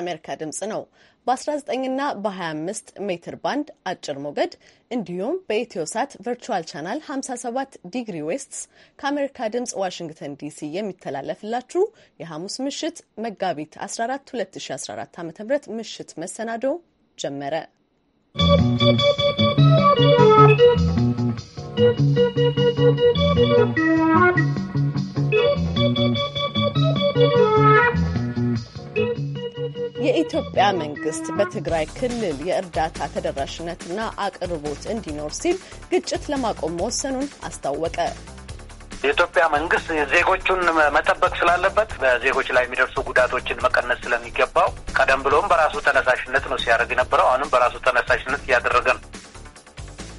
የአሜሪካ ድምፅ ነው። በ19ና በ25 ሜትር ባንድ አጭር ሞገድ እንዲሁም በኢትዮሳት ቨርቹዋል ቻናል 57 ዲግሪ ዌስትስ ከአሜሪካ ድምፅ ዋሽንግተን ዲሲ የሚተላለፍላችሁ የሐሙስ ምሽት መጋቢት 14 2014 ዓ ም ምሽት መሰናዶ ጀመረ። ¶¶ የኢትዮጵያ መንግስት በትግራይ ክልል የእርዳታ ተደራሽነትና አቅርቦት እንዲኖር ሲል ግጭት ለማቆም መወሰኑን አስታወቀ። የኢትዮጵያ መንግስት ዜጎቹን መጠበቅ ስላለበት በዜጎች ላይ የሚደርሱ ጉዳቶችን መቀነስ ስለሚገባው ቀደም ብሎም በራሱ ተነሳሽነት ነው ሲያደርግ የነበረው። አሁንም በራሱ ተነሳሽነት እያደረገ ነው።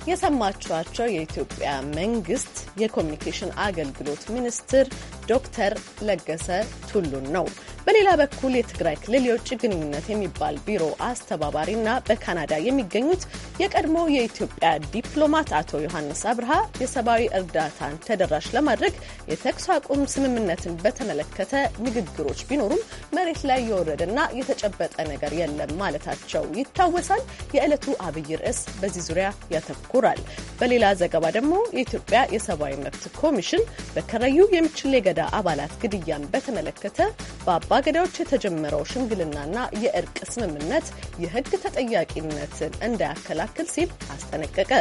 የሰማችኋቸው የኢትዮጵያ መንግስት የኮሚኒኬሽን አገልግሎት ሚኒስትር ዶክተር ለገሰ ቱሉን ነው። በሌላ በኩል የትግራይ ክልል የውጭ ግንኙነት የሚባል ቢሮ አስተባባሪና በካናዳ የሚገኙት የቀድሞ የኢትዮጵያ ዲፕሎማት አቶ ዮሐንስ አብርሃ የሰብአዊ እርዳታን ተደራሽ ለማድረግ የተኩስ አቁም ስምምነትን በተመለከተ ንግግሮች ቢኖሩም መሬት ላይ የወረደና የተጨበጠ ነገር የለም ማለታቸው ይታወሳል። የዕለቱ አብይ ርዕስ በዚህ ዙሪያ ያተኩራል። በሌላ ዘገባ ደግሞ የኢትዮጵያ የሰብአዊ መብት ኮሚሽን በከረዩ የምችሌ ገዳ አባላት ግድያን በተመለከተ በአገዳዎች የተጀመረው ሽምግልናና የእርቅ ስምምነት የህግ ተጠያቂነትን እንዳያከላክል ሲል አስጠነቀቀ።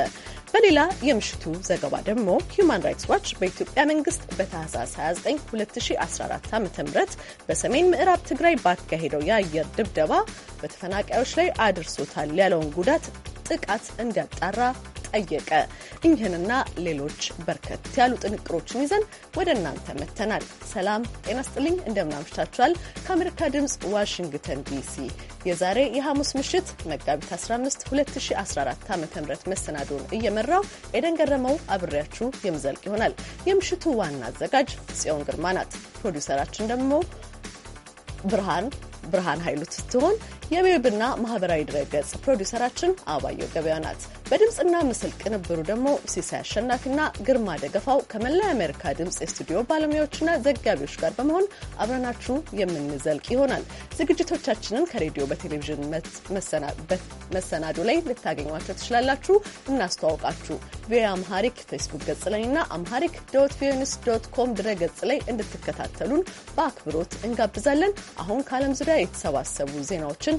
በሌላ የምሽቱ ዘገባ ደግሞ ሂዩማን ራይትስ ዋች በኢትዮጵያ መንግስት በታህሳስ 29 2014 ዓ ም በሰሜን ምዕራብ ትግራይ ባካሄደው የአየር ድብደባ በተፈናቃዮች ላይ አድርሶታል ያለውን ጉዳት ጥቃት እንዲያጣራ ጠየቀ። እኝህንና ሌሎች በርከት ያሉ ጥንቅሮችን ይዘን ወደ እናንተ መጥተናል። ሰላም ጤና ስጥልኝ፣ እንደምናምሽታችኋል። ከአሜሪካ ድምፅ ዋሽንግተን ዲሲ የዛሬ የሐሙስ ምሽት መጋቢት 15 2014 ዓ ም መሰናዶን እየመራው ኤደን ገረመው አብሬያችሁ የምዘልቅ ይሆናል። የምሽቱ ዋና አዘጋጅ ጽዮን ግርማ ናት። ፕሮዲውሰራችን ደግሞ ብርሃን ብርሃን ኃይሉ ስትሆን የዌብና ማህበራዊ ድረገጽ ፕሮዲውሰራችን አባየው ገበያ ናት። በድምፅና ምስል ቅንብሩ ደግሞ ሲሳይ አሸናፊና ግርማ ደገፋው ከመላ የአሜሪካ ድምፅ የስቱዲዮ ባለሙያዎችና ዘጋቢዎች ጋር በመሆን አብረናችሁ የምንዘልቅ ይሆናል። ዝግጅቶቻችንን ከሬዲዮ በቴሌቪዥን መሰናዶ ላይ ልታገኟቸው ትችላላችሁ። እናስተዋውቃችሁ ቪኦኤ አምሃሪክ ፌስቡክ ገጽ ላይና አምሃሪክ ዶት ቪኦኤ ኒውስ ዶት ኮም ድረ ገጽ ላይ እንድትከታተሉን በአክብሮት እንጋብዛለን። አሁን ከዓለም ዙሪያ የተሰባሰቡ ዜናዎችን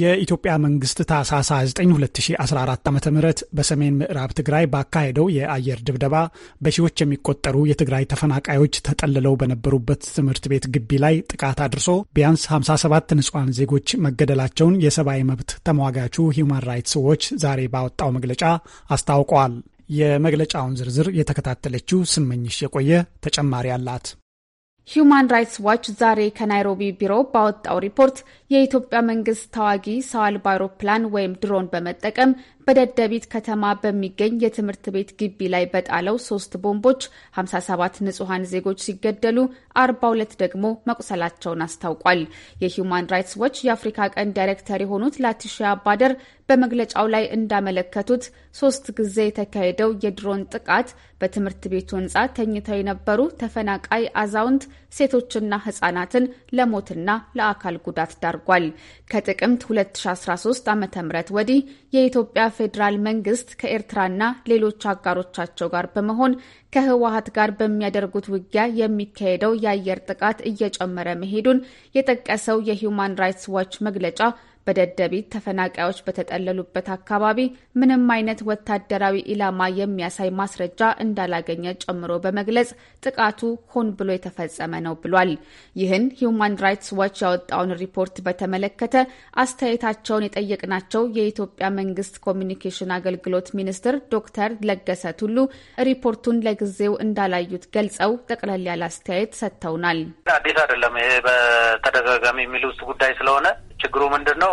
የኢትዮጵያ መንግስት ታህሳስ 9 2014 ዓ ም በሰሜን ምዕራብ ትግራይ ባካሄደው የአየር ድብደባ በሺዎች የሚቆጠሩ የትግራይ ተፈናቃዮች ተጠልለው በነበሩበት ትምህርት ቤት ግቢ ላይ ጥቃት አድርሶ ቢያንስ 57 ንጹሐን ዜጎች መገደላቸውን የሰብአዊ መብት ተሟጋቹ ሂውማን ራይትስ ዎች ዛሬ ባወጣው መግለጫ አስታውቀዋል። የመግለጫውን ዝርዝር የተከታተለችው ስመኝሽ የቆየ ተጨማሪ አላት። ሂውማን ራይትስ ዋች ዛሬ ከናይሮቢ ቢሮ ባወጣው ሪፖርት የኢትዮጵያ መንግስት ተዋጊ ሰው አልባ አውሮፕላን ወይም ድሮን በመጠቀም በደደቢት ከተማ በሚገኝ የትምህርት ቤት ግቢ ላይ በጣለው ሶስት ቦምቦች 57 ንጹሐን ዜጎች ሲገደሉ 42 ደግሞ መቁሰላቸውን አስታውቋል። የሂውማን ራይትስ ዎች የአፍሪካ ቀን ዳይሬክተር የሆኑት ላቲሺያ ባደር በመግለጫው ላይ እንዳመለከቱት ሶስት ጊዜ የተካሄደው የድሮን ጥቃት በትምህርት ቤቱ ህንፃ ተኝተው የነበሩ ተፈናቃይ አዛውንት ሴቶችና ህጻናትን ለሞትና ለአካል ጉዳት ዳርጓል። ከጥቅምት 2013 ዓ ም ወዲህ የኢትዮጵያ ፌዴራል መንግስት ከኤርትራና ሌሎች አጋሮቻቸው ጋር በመሆን ከህወሀት ጋር በሚያደርጉት ውጊያ የሚካሄደው የአየር ጥቃት እየጨመረ መሄዱን የጠቀሰው የሂውማን ራይትስ ዋች መግለጫ በደደቢት ተፈናቃዮች በተጠለሉበት አካባቢ ምንም አይነት ወታደራዊ ኢላማ የሚያሳይ ማስረጃ እንዳላገኘ ጨምሮ በመግለጽ ጥቃቱ ሆን ብሎ የተፈጸመ ነው ብሏል። ይህን ሂዩማን ራይትስ ዋች ያወጣውን ሪፖርት በተመለከተ አስተያየታቸውን የጠየቅናቸው የኢትዮጵያ መንግስት ኮሚኒኬሽን አገልግሎት ሚኒስትር ዶክተር ለገሰ ቱሉ ሪፖርቱን ለጊዜው እንዳላዩት ገልጸው ጠቅለል ያለ አስተያየት ሰጥተውናል። አዲስ አይደለም ይሄ በተደጋጋሚ የሚል ውስጥ ጉዳይ ስለሆነ ችግሩ ምንድን ነው?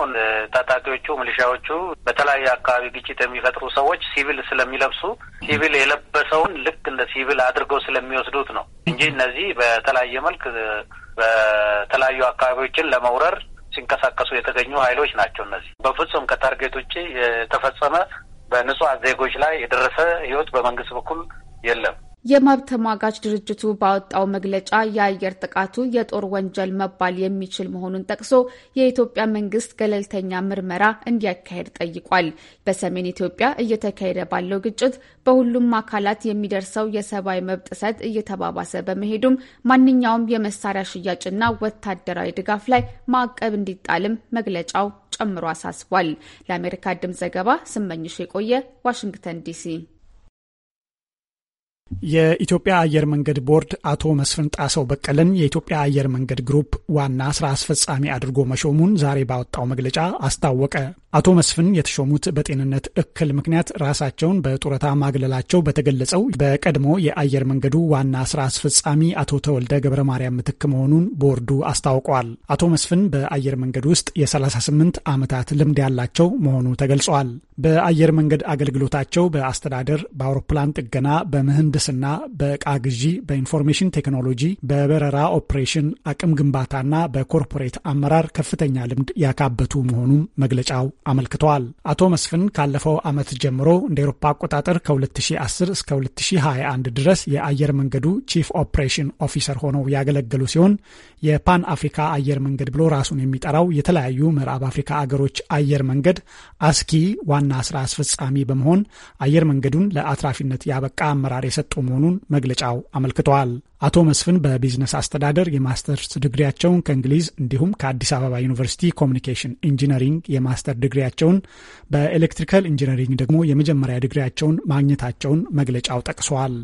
ታጣቂዎቹ ሚሊሻዎቹ በተለያየ አካባቢ ግጭት የሚፈጥሩ ሰዎች ሲቪል ስለሚለብሱ ሲቪል የለበሰውን ልክ እንደ ሲቪል አድርገው ስለሚወስዱት ነው እንጂ እነዚህ በተለያየ መልክ በተለያዩ አካባቢዎችን ለመውረር ሲንቀሳቀሱ የተገኙ ኃይሎች ናቸው። እነዚህ በፍጹም ከታርጌት ውጭ የተፈጸመ በንጹሐን ዜጎች ላይ የደረሰ ህይወት በመንግስት በኩል የለም። የመብት ተሟጋች ድርጅቱ ባወጣው መግለጫ የአየር ጥቃቱ የጦር ወንጀል መባል የሚችል መሆኑን ጠቅሶ የኢትዮጵያ መንግስት ገለልተኛ ምርመራ እንዲያካሄድ ጠይቋል። በሰሜን ኢትዮጵያ እየተካሄደ ባለው ግጭት በሁሉም አካላት የሚደርሰው የሰብአዊ መብት ጥሰት እየተባባሰ በመሄዱም ማንኛውም የመሳሪያ ሽያጭና ወታደራዊ ድጋፍ ላይ ማዕቀብ እንዲጣልም መግለጫው ጨምሮ አሳስቧል። ለአሜሪካ ድምፅ ዘገባ ስመኝሽ የቆየ ዋሽንግተን ዲሲ የኢትዮጵያ አየር መንገድ ቦርድ አቶ መስፍን ጣሰው በቀለን የኢትዮጵያ አየር መንገድ ግሩፕ ዋና ስራ አስፈጻሚ አድርጎ መሾሙን ዛሬ ባወጣው መግለጫ አስታወቀ። አቶ መስፍን የተሾሙት በጤንነት እክል ምክንያት ራሳቸውን በጡረታ ማግለላቸው በተገለጸው በቀድሞ የአየር መንገዱ ዋና ስራ አስፈጻሚ አቶ ተወልደ ገብረ ማርያም ምትክ መሆኑን ቦርዱ አስታውቋል። አቶ መስፍን በአየር መንገድ ውስጥ የ38 ዓመታት ልምድ ያላቸው መሆኑ ተገልጿል። በአየር መንገድ አገልግሎታቸው በአስተዳደር፣ በአውሮፕላን ጥገና፣ በምህንድስና፣ በእቃ ግዢ፣ በኢንፎርሜሽን ቴክኖሎጂ፣ በበረራ ኦፕሬሽን፣ አቅም ግንባታና በኮርፖሬት አመራር ከፍተኛ ልምድ ያካበቱ መሆኑም መግለጫው አመልክተዋል። አቶ መስፍን ካለፈው ዓመት ጀምሮ እንደ ኤሮፓ አቆጣጠር ከ2010 እስከ 2021 ድረስ የአየር መንገዱ ቺፍ ኦፕሬሽን ኦፊሰር ሆነው ያገለገሉ ሲሆን የፓን አፍሪካ አየር መንገድ ብሎ ራሱን የሚጠራው የተለያዩ ምዕራብ አፍሪካ አገሮች አየር መንገድ አስኪ ዋና ዋና ስራ አስፈጻሚ በመሆን አየር መንገዱን ለአትራፊነት ያበቃ አመራር የሰጡ መሆኑን መግለጫው አመልክተዋል። አቶ መስፍን በቢዝነስ አስተዳደር የማስተርስ ዲግሪያቸውን ከእንግሊዝ እንዲሁም ከአዲስ አበባ ዩኒቨርሲቲ ኮሚኒኬሽን ኢንጂነሪንግ የማስተር ዲግሪያቸውን በኤሌክትሪካል ኢንጂነሪንግ ደግሞ የመጀመሪያ ዲግሪያቸውን ማግኘታቸውን መግለጫው ጠቅሷል።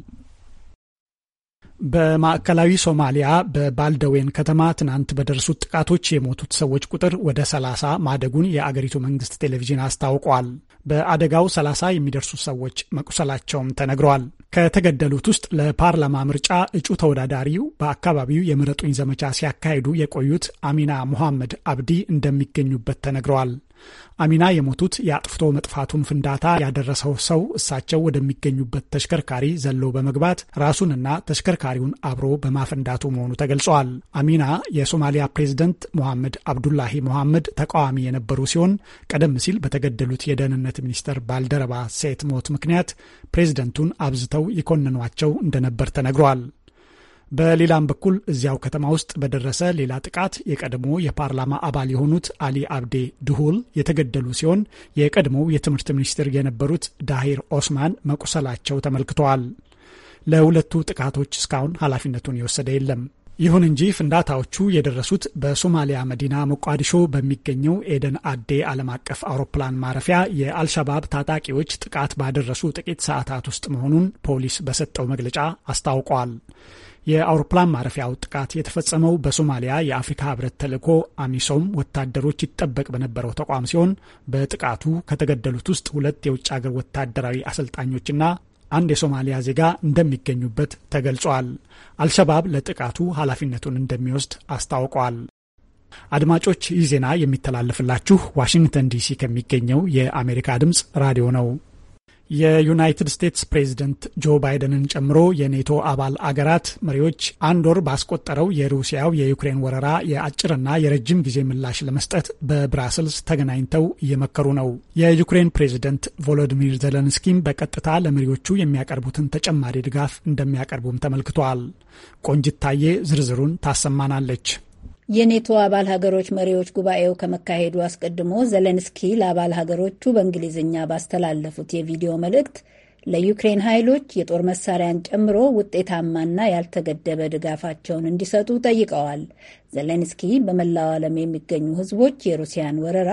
በማዕከላዊ ሶማሊያ በባልደዌን ከተማ ትናንት በደረሱት ጥቃቶች የሞቱት ሰዎች ቁጥር ወደ 30 ማደጉን የአገሪቱ መንግስት ቴሌቪዥን አስታውቋል። በአደጋው 30 የሚደርሱ ሰዎች መቁሰላቸውም ተነግረዋል። ከተገደሉት ውስጥ ለፓርላማ ምርጫ እጩ ተወዳዳሪው በአካባቢው የምረጡኝ ዘመቻ ሲያካሂዱ የቆዩት አሚና ሙሐመድ አብዲ እንደሚገኙበት ተነግረዋል። አሚና የሞቱት የአጥፍቶ መጥፋቱን ፍንዳታ ያደረሰው ሰው እሳቸው ወደሚገኙበት ተሽከርካሪ ዘሎ በመግባት ራሱንና ተሽከርካሪውን አብሮ በማፈንዳቱ መሆኑ ተገልጿል። አሚና የሶማሊያ ፕሬዝደንት ሞሐመድ አብዱላሂ ሞሐመድ ተቃዋሚ የነበሩ ሲሆን ቀደም ሲል በተገደሉት የደህንነት ሚኒስተር ባልደረባ ሴት ሞት ምክንያት ፕሬዝደንቱን አብዝተው ይኮንኗቸው እንደነበር ተነግሯል። በሌላም በኩል እዚያው ከተማ ውስጥ በደረሰ ሌላ ጥቃት የቀድሞ የፓርላማ አባል የሆኑት አሊ አብዴ ድሁል የተገደሉ ሲሆን የቀድሞው የትምህርት ሚኒስትር የነበሩት ዳሂር ኦስማን መቁሰላቸው ተመልክተዋል። ለሁለቱ ጥቃቶች እስካሁን ኃላፊነቱን የወሰደ የለም። ይሁን እንጂ ፍንዳታዎቹ የደረሱት በሶማሊያ መዲና ሞቃዲሾ በሚገኘው ኤደን አዴ ዓለም አቀፍ አውሮፕላን ማረፊያ የአልሻባብ ታጣቂዎች ጥቃት ባደረሱ ጥቂት ሰዓታት ውስጥ መሆኑን ፖሊስ በሰጠው መግለጫ አስታውቋል። የአውሮፕላን ማረፊያው ጥቃት የተፈጸመው በሶማሊያ የአፍሪካ ህብረት ተልዕኮ አሚሶም ወታደሮች ይጠበቅ በነበረው ተቋም ሲሆን በጥቃቱ ከተገደሉት ውስጥ ሁለት የውጭ አገር ወታደራዊ አሰልጣኞችና አንድ የሶማሊያ ዜጋ እንደሚገኙበት ተገልጿል። አልሸባብ ለጥቃቱ ኃላፊነቱን እንደሚወስድ አስታውቋል። አድማጮች ይህ ዜና የሚተላለፍላችሁ ዋሽንግተን ዲሲ ከሚገኘው የአሜሪካ ድምፅ ራዲዮ ነው። የዩናይትድ ስቴትስ ፕሬዝደንት ጆ ባይደንን ጨምሮ የኔቶ አባል አገራት መሪዎች አንድ ወር ባስቆጠረው የሩሲያው የዩክሬን ወረራ የአጭርና የረጅም ጊዜ ምላሽ ለመስጠት በብራስልስ ተገናኝተው እየመከሩ ነው። የዩክሬን ፕሬዝደንት ቮሎዲሚር ዘለንስኪም በቀጥታ ለመሪዎቹ የሚያቀርቡትን ተጨማሪ ድጋፍ እንደሚያቀርቡም ተመልክቷል። ቆንጅት ታዬ ዝርዝሩን ታሰማናለች። የኔቶ አባል ሀገሮች መሪዎች ጉባኤው ከመካሄዱ አስቀድሞ ዘለንስኪ ለአባል ሀገሮቹ በእንግሊዝኛ ባስተላለፉት የቪዲዮ መልእክት ለዩክሬን ኃይሎች የጦር መሳሪያን ጨምሮ ውጤታማና ያልተገደበ ድጋፋቸውን እንዲሰጡ ጠይቀዋል። ዘለንስኪ በመላው ዓለም የሚገኙ ሕዝቦች የሩሲያን ወረራ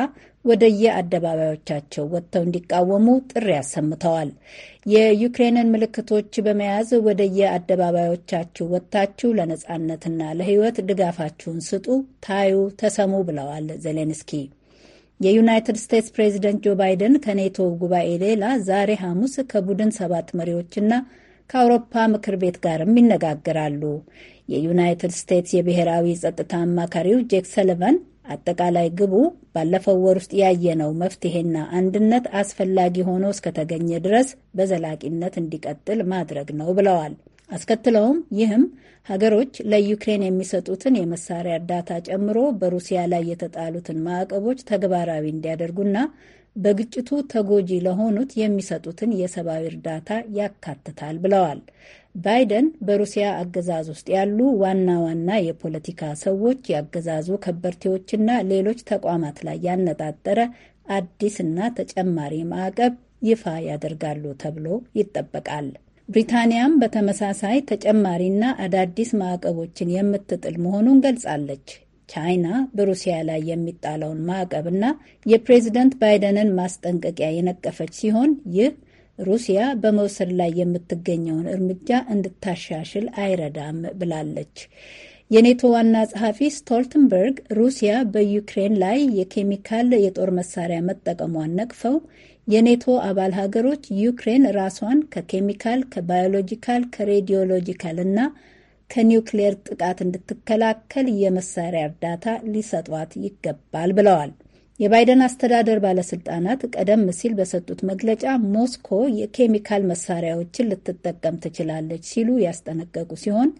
ወደየ አደባባዮቻቸው ወጥተው እንዲቃወሙ ጥሪ አሰምተዋል። የዩክሬንን ምልክቶች በመያዝ ወደየ አደባባዮቻችሁ ወጥታችሁ ለነጻነትና ለሕይወት ድጋፋችሁን ስጡ፣ ታዩ፣ ተሰሙ ብለዋል ዜሌንስኪ። የዩናይትድ ስቴትስ ፕሬዚደንት ጆ ባይደን ከኔቶ ጉባኤ ሌላ ዛሬ ሐሙስ ከቡድን ሰባት መሪዎችና ከአውሮፓ ምክር ቤት ጋርም ይነጋገራሉ። የዩናይትድ ስቴትስ የብሔራዊ ጸጥታ አማካሪው ጄክ ሰሊቫን አጠቃላይ ግቡ ባለፈው ወር ውስጥ ያየነው መፍትሄና አንድነት አስፈላጊ ሆኖ እስከተገኘ ድረስ በዘላቂነት እንዲቀጥል ማድረግ ነው ብለዋል። አስከትለውም ይህም ሀገሮች ለዩክሬን የሚሰጡትን የመሳሪያ እርዳታ ጨምሮ በሩሲያ ላይ የተጣሉትን ማዕቀቦች ተግባራዊ እንዲያደርጉና በግጭቱ ተጎጂ ለሆኑት የሚሰጡትን የሰብአዊ እርዳታ ያካትታል ብለዋል። ባይደን በሩሲያ አገዛዝ ውስጥ ያሉ ዋና ዋና የፖለቲካ ሰዎች፣ የአገዛዙ ከበርቴዎችና ሌሎች ተቋማት ላይ ያነጣጠረ አዲስና ተጨማሪ ማዕቀብ ይፋ ያደርጋሉ ተብሎ ይጠበቃል። ብሪታንያም በተመሳሳይ ተጨማሪና አዳዲስ ማዕቀቦችን የምትጥል መሆኑን ገልጻለች። ቻይና በሩሲያ ላይ የሚጣለውን ማዕቀብና የፕሬዝደንት ባይደንን ማስጠንቀቂያ የነቀፈች ሲሆን ይህ ሩሲያ በመውሰድ ላይ የምትገኘውን እርምጃ እንድታሻሽል አይረዳም ብላለች። የኔቶ ዋና ጸሐፊ ስቶልተንበርግ ሩሲያ በዩክሬን ላይ የኬሚካል የጦር መሳሪያ መጠቀሟን ነቅፈው የኔቶ አባል ሀገሮች ዩክሬን ራሷን ከኬሚካል፣ ከባዮሎጂካል፣ ከሬዲዮሎጂካል እና ከኒውክሌር ጥቃት እንድትከላከል የመሳሪያ እርዳታ ሊሰጧት ይገባል ብለዋል። የባይደን አስተዳደር ባለስልጣናት ቀደም ሲል በሰጡት መግለጫ ሞስኮ የኬሚካል መሳሪያዎችን ልትጠቀም ትችላለች ሲሉ ያስጠነቀቁ ሲሆን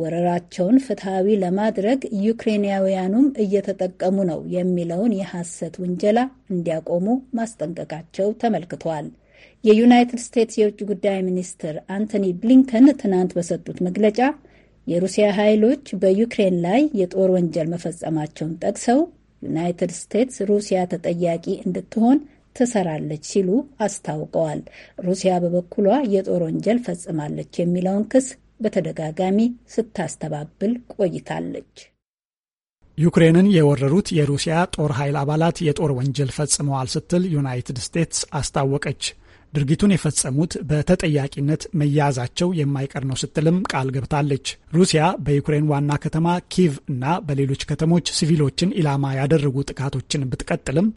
ወረራቸውን ፍትሐዊ ለማድረግ ዩክሬንያውያኑም እየተጠቀሙ ነው የሚለውን የሐሰት ውንጀላ እንዲያቆሙ ማስጠንቀቃቸው ተመልክቷል። የዩናይትድ ስቴትስ የውጭ ጉዳይ ሚኒስትር አንቶኒ ብሊንከን ትናንት በሰጡት መግለጫ የሩሲያ ኃይሎች በዩክሬን ላይ የጦር ወንጀል መፈጸማቸውን ጠቅሰው ዩናይትድ ስቴትስ ሩሲያ ተጠያቂ እንድትሆን ትሰራለች ሲሉ አስታውቀዋል። ሩሲያ በበኩሏ የጦር ወንጀል ፈጽማለች የሚለውን ክስ በተደጋጋሚ ስታስተባብል ቆይታለች። ዩክሬንን የወረሩት የሩሲያ ጦር ኃይል አባላት የጦር ወንጀል ፈጽመዋል ስትል ዩናይትድ ስቴትስ አስታወቀች። ድርጊቱን የፈጸሙት በተጠያቂነት መያዛቸው የማይቀር ነው ስትልም ቃል ገብታለች። ሩሲያ በዩክሬን ዋና ከተማ ኪቭ እና በሌሎች ከተሞች ሲቪሎችን ኢላማ ያደረጉ ጥቃቶችን ብትቀጥልም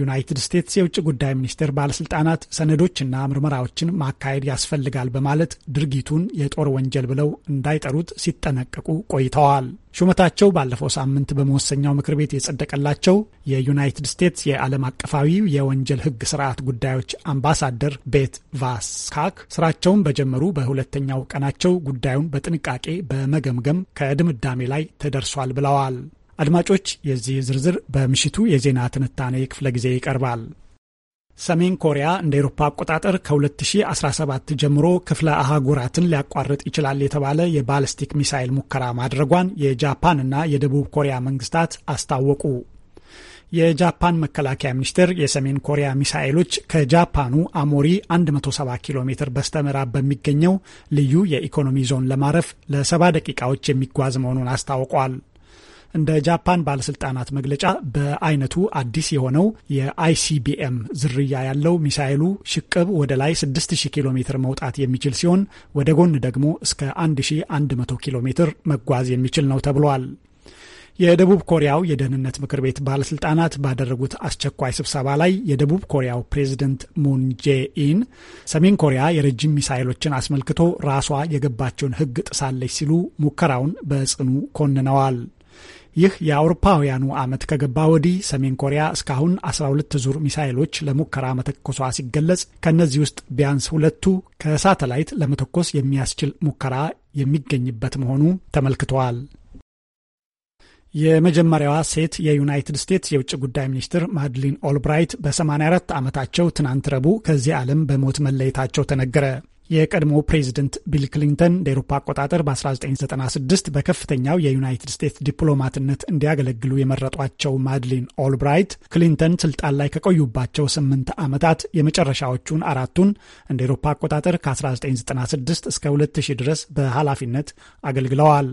ዩናይትድ ስቴትስ የውጭ ጉዳይ ሚኒስቴር ባለስልጣናት ሰነዶችና ምርመራዎችን ማካሄድ ያስፈልጋል በማለት ድርጊቱን የጦር ወንጀል ብለው እንዳይጠሩት ሲጠነቀቁ ቆይተዋል። ሹመታቸው ባለፈው ሳምንት በመወሰኛው ምክር ቤት የጸደቀላቸው የዩናይትድ ስቴትስ የዓለም አቀፋዊ የወንጀል ሕግ ስርዓት ጉዳዮች አምባሳደር ቤት ቫስካክ ስራቸውን በጀመሩ በሁለተኛው ቀናቸው ጉዳዩን በጥንቃቄ በመገምገም ከድምዳሜ ላይ ተደርሷል ብለዋል። አድማጮች፣ የዚህ ዝርዝር በምሽቱ የዜና ትንታኔ ክፍለ ጊዜ ይቀርባል። ሰሜን ኮሪያ እንደ ኤሮፓ አቆጣጠር ከ2017 ጀምሮ ክፍለ አህጉራትን ሊያቋርጥ ይችላል የተባለ የባለስቲክ ሚሳይል ሙከራ ማድረጓን የጃፓንና የደቡብ ኮሪያ መንግስታት አስታወቁ። የጃፓን መከላከያ ሚኒስቴር የሰሜን ኮሪያ ሚሳኤሎች ከጃፓኑ አሞሪ 170 ኪሎ ሜትር በስተምዕራብ በሚገኘው ልዩ የኢኮኖሚ ዞን ለማረፍ ለሰባ ደቂቃዎች የሚጓዝ መሆኑን አስታውቋል። እንደ ጃፓን ባለስልጣናት መግለጫ በአይነቱ አዲስ የሆነው የአይሲቢኤም ዝርያ ያለው ሚሳኤሉ ሽቅብ ወደ ላይ 6000 ኪሎ ሜትር መውጣት የሚችል ሲሆን ወደ ጎን ደግሞ እስከ 1100 ኪሎ ሜትር መጓዝ የሚችል ነው ተብሏል። የደቡብ ኮሪያው የደህንነት ምክር ቤት ባለስልጣናት ባደረጉት አስቸኳይ ስብሰባ ላይ የደቡብ ኮሪያው ፕሬዚደንት ሙን ጄኢን ሰሜን ኮሪያ የረጅም ሚሳይሎችን አስመልክቶ ራሷ የገባቸውን ሕግ ጥሳለች ሲሉ ሙከራውን በጽኑ ኮንነዋል። ይህ የአውሮፓውያኑ ዓመት ከገባ ወዲህ ሰሜን ኮሪያ እስካሁን 12 ዙር ሚሳይሎች ለሙከራ መተኮሷ ሲገለጽ ከእነዚህ ውስጥ ቢያንስ ሁለቱ ከሳተላይት ለመተኮስ የሚያስችል ሙከራ የሚገኝበት መሆኑ ተመልክተዋል። የመጀመሪያዋ ሴት የዩናይትድ ስቴትስ የውጭ ጉዳይ ሚኒስትር ማድሊን ኦልብራይት በ84 ዓመታቸው ትናንት ረቡዕ ከዚህ ዓለም በሞት መለየታቸው ተነገረ። የቀድሞ ፕሬዚደንት ቢል ክሊንተን እንደ ኤሮፓ አቆጣጠር በ1996 በከፍተኛው የዩናይትድ ስቴትስ ዲፕሎማትነት እንዲያገለግሉ የመረጧቸው ማድሊን ኦልብራይት ክሊንተን ስልጣን ላይ ከቆዩባቸው ስምንት ዓመታት የመጨረሻዎቹን አራቱን እንደ ኤሮፓ አቆጣጠር ከ1996 እስከ 2000 ድረስ በኃላፊነት አገልግለዋል።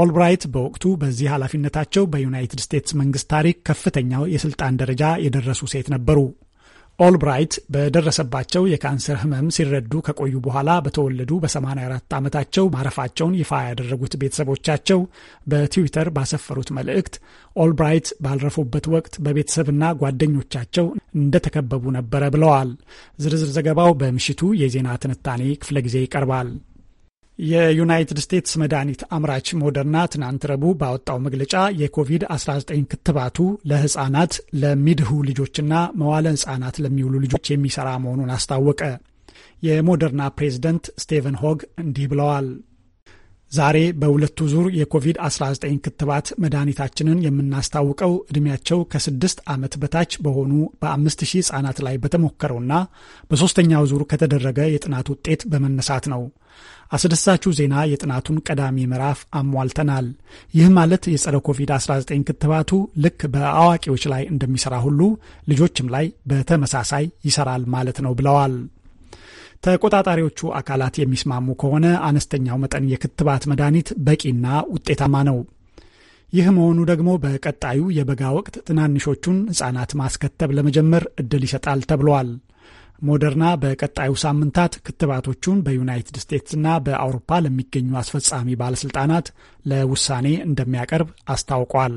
ኦልብራይት በወቅቱ በዚህ ኃላፊነታቸው በዩናይትድ ስቴትስ መንግስት ታሪክ ከፍተኛው የስልጣን ደረጃ የደረሱ ሴት ነበሩ። ኦልብራይት በደረሰባቸው የካንሰር ህመም ሲረዱ ከቆዩ በኋላ በተወለዱ በ84 ዓመታቸው ማረፋቸውን ይፋ ያደረጉት ቤተሰቦቻቸው በትዊተር ባሰፈሩት መልእክት ኦልብራይት ባልረፉበት ወቅት በቤተሰብና ጓደኞቻቸው እንደተከበቡ ነበረ ብለዋል። ዝርዝር ዘገባው በምሽቱ የዜና ትንታኔ ክፍለ ጊዜ ይቀርባል። የዩናይትድ ስቴትስ መድኃኒት አምራች ሞደርና ትናንት ረቡዕ ባወጣው መግለጫ የኮቪድ-19 ክትባቱ ለህጻናት፣ ለሚድሁ ልጆችና መዋለ ህጻናት ለሚውሉ ልጆች የሚሰራ መሆኑን አስታወቀ። የሞደርና ፕሬዚደንት ስቴቨን ሆግ እንዲህ ብለዋል። ዛሬ በሁለቱ ዙር የኮቪድ-19 ክትባት መድኃኒታችንን የምናስታውቀው ዕድሜያቸው ከስድስት ዓመት በታች በሆኑ በአምስት ሺህ ሕፃናት ላይ በተሞከረውና በሦስተኛው ዙር ከተደረገ የጥናት ውጤት በመነሳት ነው። አስደሳቹ ዜና የጥናቱን ቀዳሚ ምዕራፍ አሟልተናል። ይህ ማለት የጸረ ኮቪድ-19 ክትባቱ ልክ በአዋቂዎች ላይ እንደሚሰራ ሁሉ ልጆችም ላይ በተመሳሳይ ይሰራል ማለት ነው ብለዋል። ተቆጣጣሪዎቹ አካላት የሚስማሙ ከሆነ አነስተኛው መጠን የክትባት መድኃኒት በቂና ውጤታማ ነው። ይህ መሆኑ ደግሞ በቀጣዩ የበጋ ወቅት ትናንሾቹን ሕጻናት ማስከተብ ለመጀመር እድል ይሰጣል ተብሏል። ሞደርና በቀጣዩ ሳምንታት ክትባቶቹን በዩናይትድ ስቴትስና በአውሮፓ ለሚገኙ አስፈጻሚ ባለስልጣናት ለውሳኔ እንደሚያቀርብ አስታውቋል።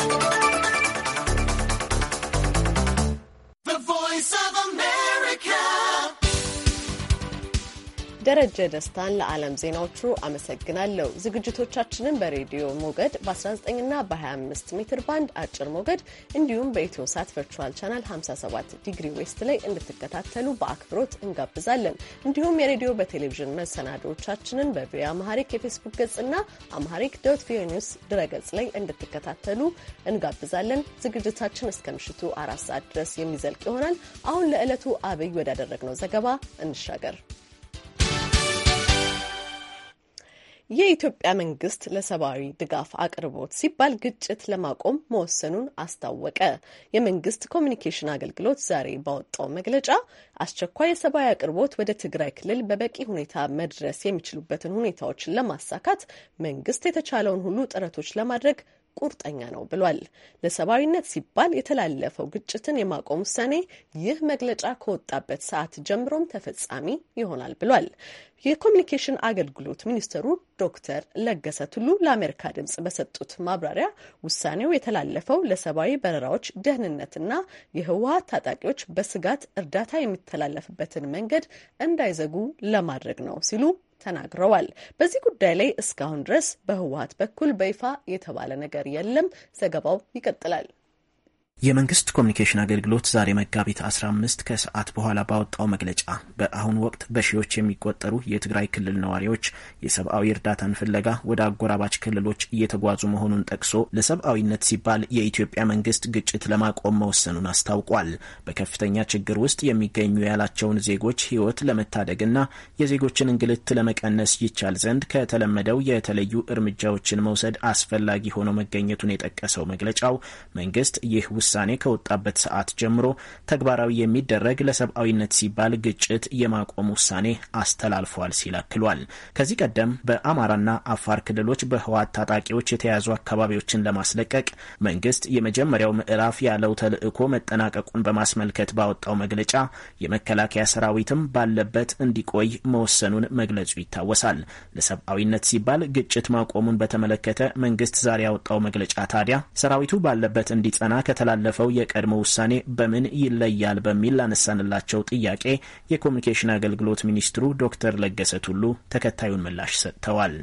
ደረጀ ደስታን ለዓለም ዜናዎቹ አመሰግናለሁ። ዝግጅቶቻችንን በሬዲዮ ሞገድ በ19ና በ25 ሜትር ባንድ አጭር ሞገድ እንዲሁም በኢትዮ ሳት ቨርቹዋል ቻናል 57 ዲግሪ ዌስት ላይ እንድትከታተሉ በአክብሮት እንጋብዛለን። እንዲሁም የሬዲዮ በቴሌቪዥን መሰናዶዎቻችንን በቪኦኤ አማሃሪክ የፌስቡክ ገጽና አማሃሪክ ዶት ቪኦኤ ኒውስ ድረገጽ ላይ እንድትከታተሉ እንጋብዛለን። ዝግጅታችን እስከ ምሽቱ አራት ሰዓት ድረስ የሚዘልቅ ይሆናል። አሁን ለዕለቱ አብይ ወዳደረግነው ዘገባ እንሻገር። የኢትዮጵያ መንግስት ለሰብአዊ ድጋፍ አቅርቦት ሲባል ግጭት ለማቆም መወሰኑን አስታወቀ። የመንግስት ኮሚኒኬሽን አገልግሎት ዛሬ ባወጣው መግለጫ አስቸኳይ የሰብአዊ አቅርቦት ወደ ትግራይ ክልል በበቂ ሁኔታ መድረስ የሚችሉበትን ሁኔታዎችን ለማሳካት መንግስት የተቻለውን ሁሉ ጥረቶች ለማድረግ ቁርጠኛ ነው ብሏል። ለሰብአዊነት ሲባል የተላለፈው ግጭትን የማቆም ውሳኔ ይህ መግለጫ ከወጣበት ሰዓት ጀምሮም ተፈጻሚ ይሆናል ብሏል። የኮሚኒኬሽን አገልግሎት ሚኒስትሩ ዶክተር ለገሰ ቱሉ ለአሜሪካ ድምጽ በሰጡት ማብራሪያ ውሳኔው የተላለፈው ለሰብአዊ በረራዎች ደህንነትና የህወሀት ታጣቂዎች በስጋት እርዳታ የሚተላለፍበትን መንገድ እንዳይዘጉ ለማድረግ ነው ሲሉ ተናግረዋል። በዚህ ጉዳይ ላይ እስካሁን ድረስ በህወሀት በኩል በይፋ የተባለ ነገር የለም። ዘገባው ይቀጥላል። የመንግስት ኮሚኒኬሽን አገልግሎት ዛሬ መጋቢት 15 ከሰዓት በኋላ ባወጣው መግለጫ በአሁኑ ወቅት በሺዎች የሚቆጠሩ የትግራይ ክልል ነዋሪዎች የሰብአዊ እርዳታን ፍለጋ ወደ አጎራባች ክልሎች እየተጓዙ መሆኑን ጠቅሶ ለሰብአዊነት ሲባል የኢትዮጵያ መንግስት ግጭት ለማቆም መወሰኑን አስታውቋል። በከፍተኛ ችግር ውስጥ የሚገኙ ያላቸውን ዜጎች ህይወት ለመታደግና የዜጎችን እንግልት ለመቀነስ ይቻል ዘንድ ከተለመደው የተለዩ እርምጃዎችን መውሰድ አስፈላጊ ሆኖ መገኘቱን የጠቀሰው መግለጫው መንግስት ይህ ውስ ውሳኔ ከወጣበት ሰዓት ጀምሮ ተግባራዊ የሚደረግ ለሰብአዊነት ሲባል ግጭት የማቆም ውሳኔ አስተላልፏል ሲል አክሏል። ከዚህ ቀደም በአማራና አፋር ክልሎች በህወሓት ታጣቂዎች የተያዙ አካባቢዎችን ለማስለቀቅ መንግስት የመጀመሪያው ምዕራፍ ያለው ተልዕኮ መጠናቀቁን በማስመልከት ባወጣው መግለጫ የመከላከያ ሰራዊትም ባለበት እንዲቆይ መወሰኑን መግለጹ ይታወሳል። ለሰብአዊነት ሲባል ግጭት ማቆሙን በተመለከተ መንግስት ዛሬ ያወጣው መግለጫ ታዲያ ሰራዊቱ ባለበት እንዲጸና ከተላለ ካለፈው የቀድሞ ውሳኔ በምን ይለያል በሚል ላነሳንላቸው ጥያቄ የኮሚኒኬሽን አገልግሎት ሚኒስትሩ ዶክተር ለገሰ ቱሉ ተከታዩን ምላሽ ሰጥተዋል።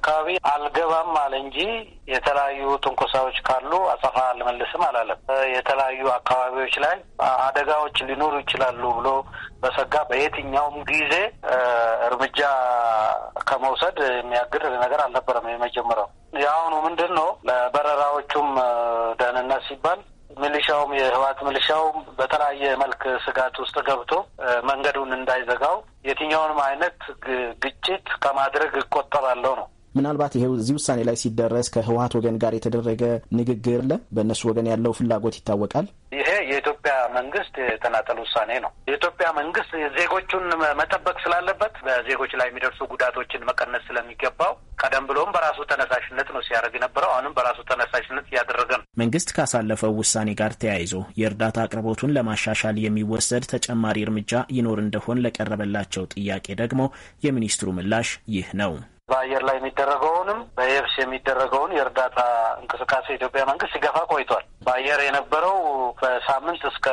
አካባቢ አልገባም አለ እንጂ የተለያዩ ትንኮሳዎች ካሉ አጸፋ አልመልስም አላለም። የተለያዩ አካባቢዎች ላይ አደጋዎች ሊኖሩ ይችላሉ ብሎ በሰጋ በየትኛውም ጊዜ እርምጃ ከመውሰድ የሚያግድ ነገር አልነበረም። የመጀመሪያው የአሁኑ ምንድን ነው ለበረራዎቹም ደህንነት ሲባል ሚሊሻውም የህወሓት ሚሊሻውም በተለያየ መልክ ስጋት ውስጥ ገብቶ መንገዱን እንዳይዘጋው የትኛውንም አይነት ግጭት ከማድረግ እቆጠባለሁ ነው። ምናልባት ይሄው እዚህ ውሳኔ ላይ ሲደረስ ከህወሀት ወገን ጋር የተደረገ ንግግር ለ በእነሱ ወገን ያለው ፍላጎት ይታወቃል። ይሄ የኢትዮጵያ መንግስት የተናጠል ውሳኔ ነው። የኢትዮጵያ መንግስት ዜጎቹን መጠበቅ ስላለበት በዜጎች ላይ የሚደርሱ ጉዳቶችን መቀነስ ስለሚገባው ቀደም ብሎም በራሱ ተነሳሽነት ነው ሲያደርግ የነበረው። አሁንም በራሱ ተነሳሽነት እያደረገ ነው። መንግስት ካሳለፈው ውሳኔ ጋር ተያይዞ የእርዳታ አቅርቦቱን ለማሻሻል የሚወሰድ ተጨማሪ እርምጃ ይኖር እንደሆን ለቀረበላቸው ጥያቄ ደግሞ የሚኒስትሩ ምላሽ ይህ ነው። በአየር ላይ የሚደረገውንም በየብስ የሚደረገውን የእርዳታ እንቅስቃሴ ኢትዮጵያ መንግስት ሲገፋ ቆይቷል። በአየር የነበረው በሳምንት እስከ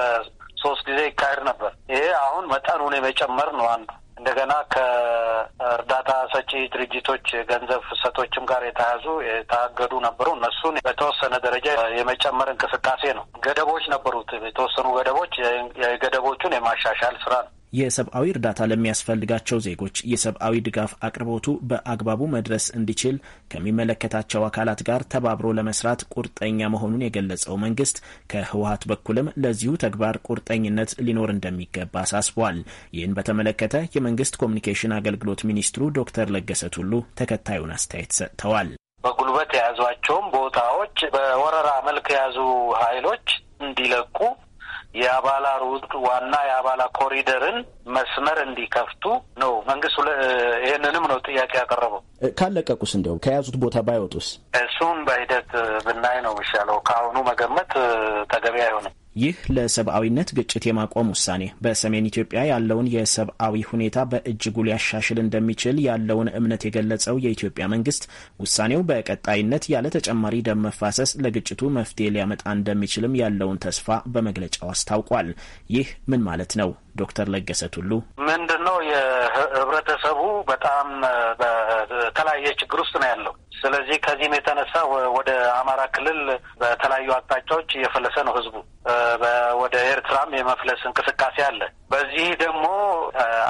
ሶስት ጊዜ ይካሄድ ነበር። ይሄ አሁን መጠኑን የመጨመር ነው አንዱ። እንደገና ከእርዳታ ሰጪ ድርጅቶች ገንዘብ ፍሰቶችም ጋር የተያዙ የታገዱ ነበሩ። እነሱን በተወሰነ ደረጃ የመጨመር እንቅስቃሴ ነው። ገደቦች ነበሩት፣ የተወሰኑ ገደቦች። የገደቦቹን የማሻሻል ስራ ነው። የሰብአዊ እርዳታ ለሚያስፈልጋቸው ዜጎች የሰብአዊ ድጋፍ አቅርቦቱ በአግባቡ መድረስ እንዲችል ከሚመለከታቸው አካላት ጋር ተባብሮ ለመስራት ቁርጠኛ መሆኑን የገለጸው መንግስት ከህወሀት በኩልም ለዚሁ ተግባር ቁርጠኝነት ሊኖር እንደሚገባ አሳስቧል። ይህን በተመለከተ የመንግስት ኮሚኒኬሽን አገልግሎት ሚኒስትሩ ዶክተር ለገሰ ቱሉ ተከታዩን አስተያየት ሰጥተዋል። በጉልበት የያዟቸውም ቦታዎች በወረራ መልክ የያዙ ኃይሎች እንዲለቁ የአባላ ሩት ዋና የአባላ ኮሪደርን መስመር እንዲከፍቱ ነው መንግስት። ይህንንም ነው ጥያቄ ያቀረበው። ካለቀቁስ እንዲያው ከያዙት ቦታ ባይወጡስ? እሱም በሂደት ብናይ ነው የሚሻለው። ከአሁኑ መገመት ተገቢ አይሆንም። ይህ ለሰብአዊነት ግጭት የማቆም ውሳኔ በሰሜን ኢትዮጵያ ያለውን የሰብአዊ ሁኔታ በእጅጉ ሊያሻሽል እንደሚችል ያለውን እምነት የገለጸው የኢትዮጵያ መንግስት ውሳኔው በቀጣይነት ያለ ተጨማሪ ደም መፋሰስ ለግጭቱ መፍትሄ ሊያመጣ እንደሚችልም ያለውን ተስፋ በመግለጫው አስታውቋል። ይህ ምን ማለት ነው? ዶክተር ለገሰ ቱሉ ምንድን ነው የህብረተሰቡ በጣም በተለያየ ችግር ውስጥ ነው ያለው። ስለዚህ ከዚህም የተነሳ ወደ አማራ ክልል በተለያዩ አቅጣጫዎች እየፈለሰ ነው ህዝቡ። ወደ ኤርትራም የመፍለስ እንቅስቃሴ አለ። በዚህ ደግሞ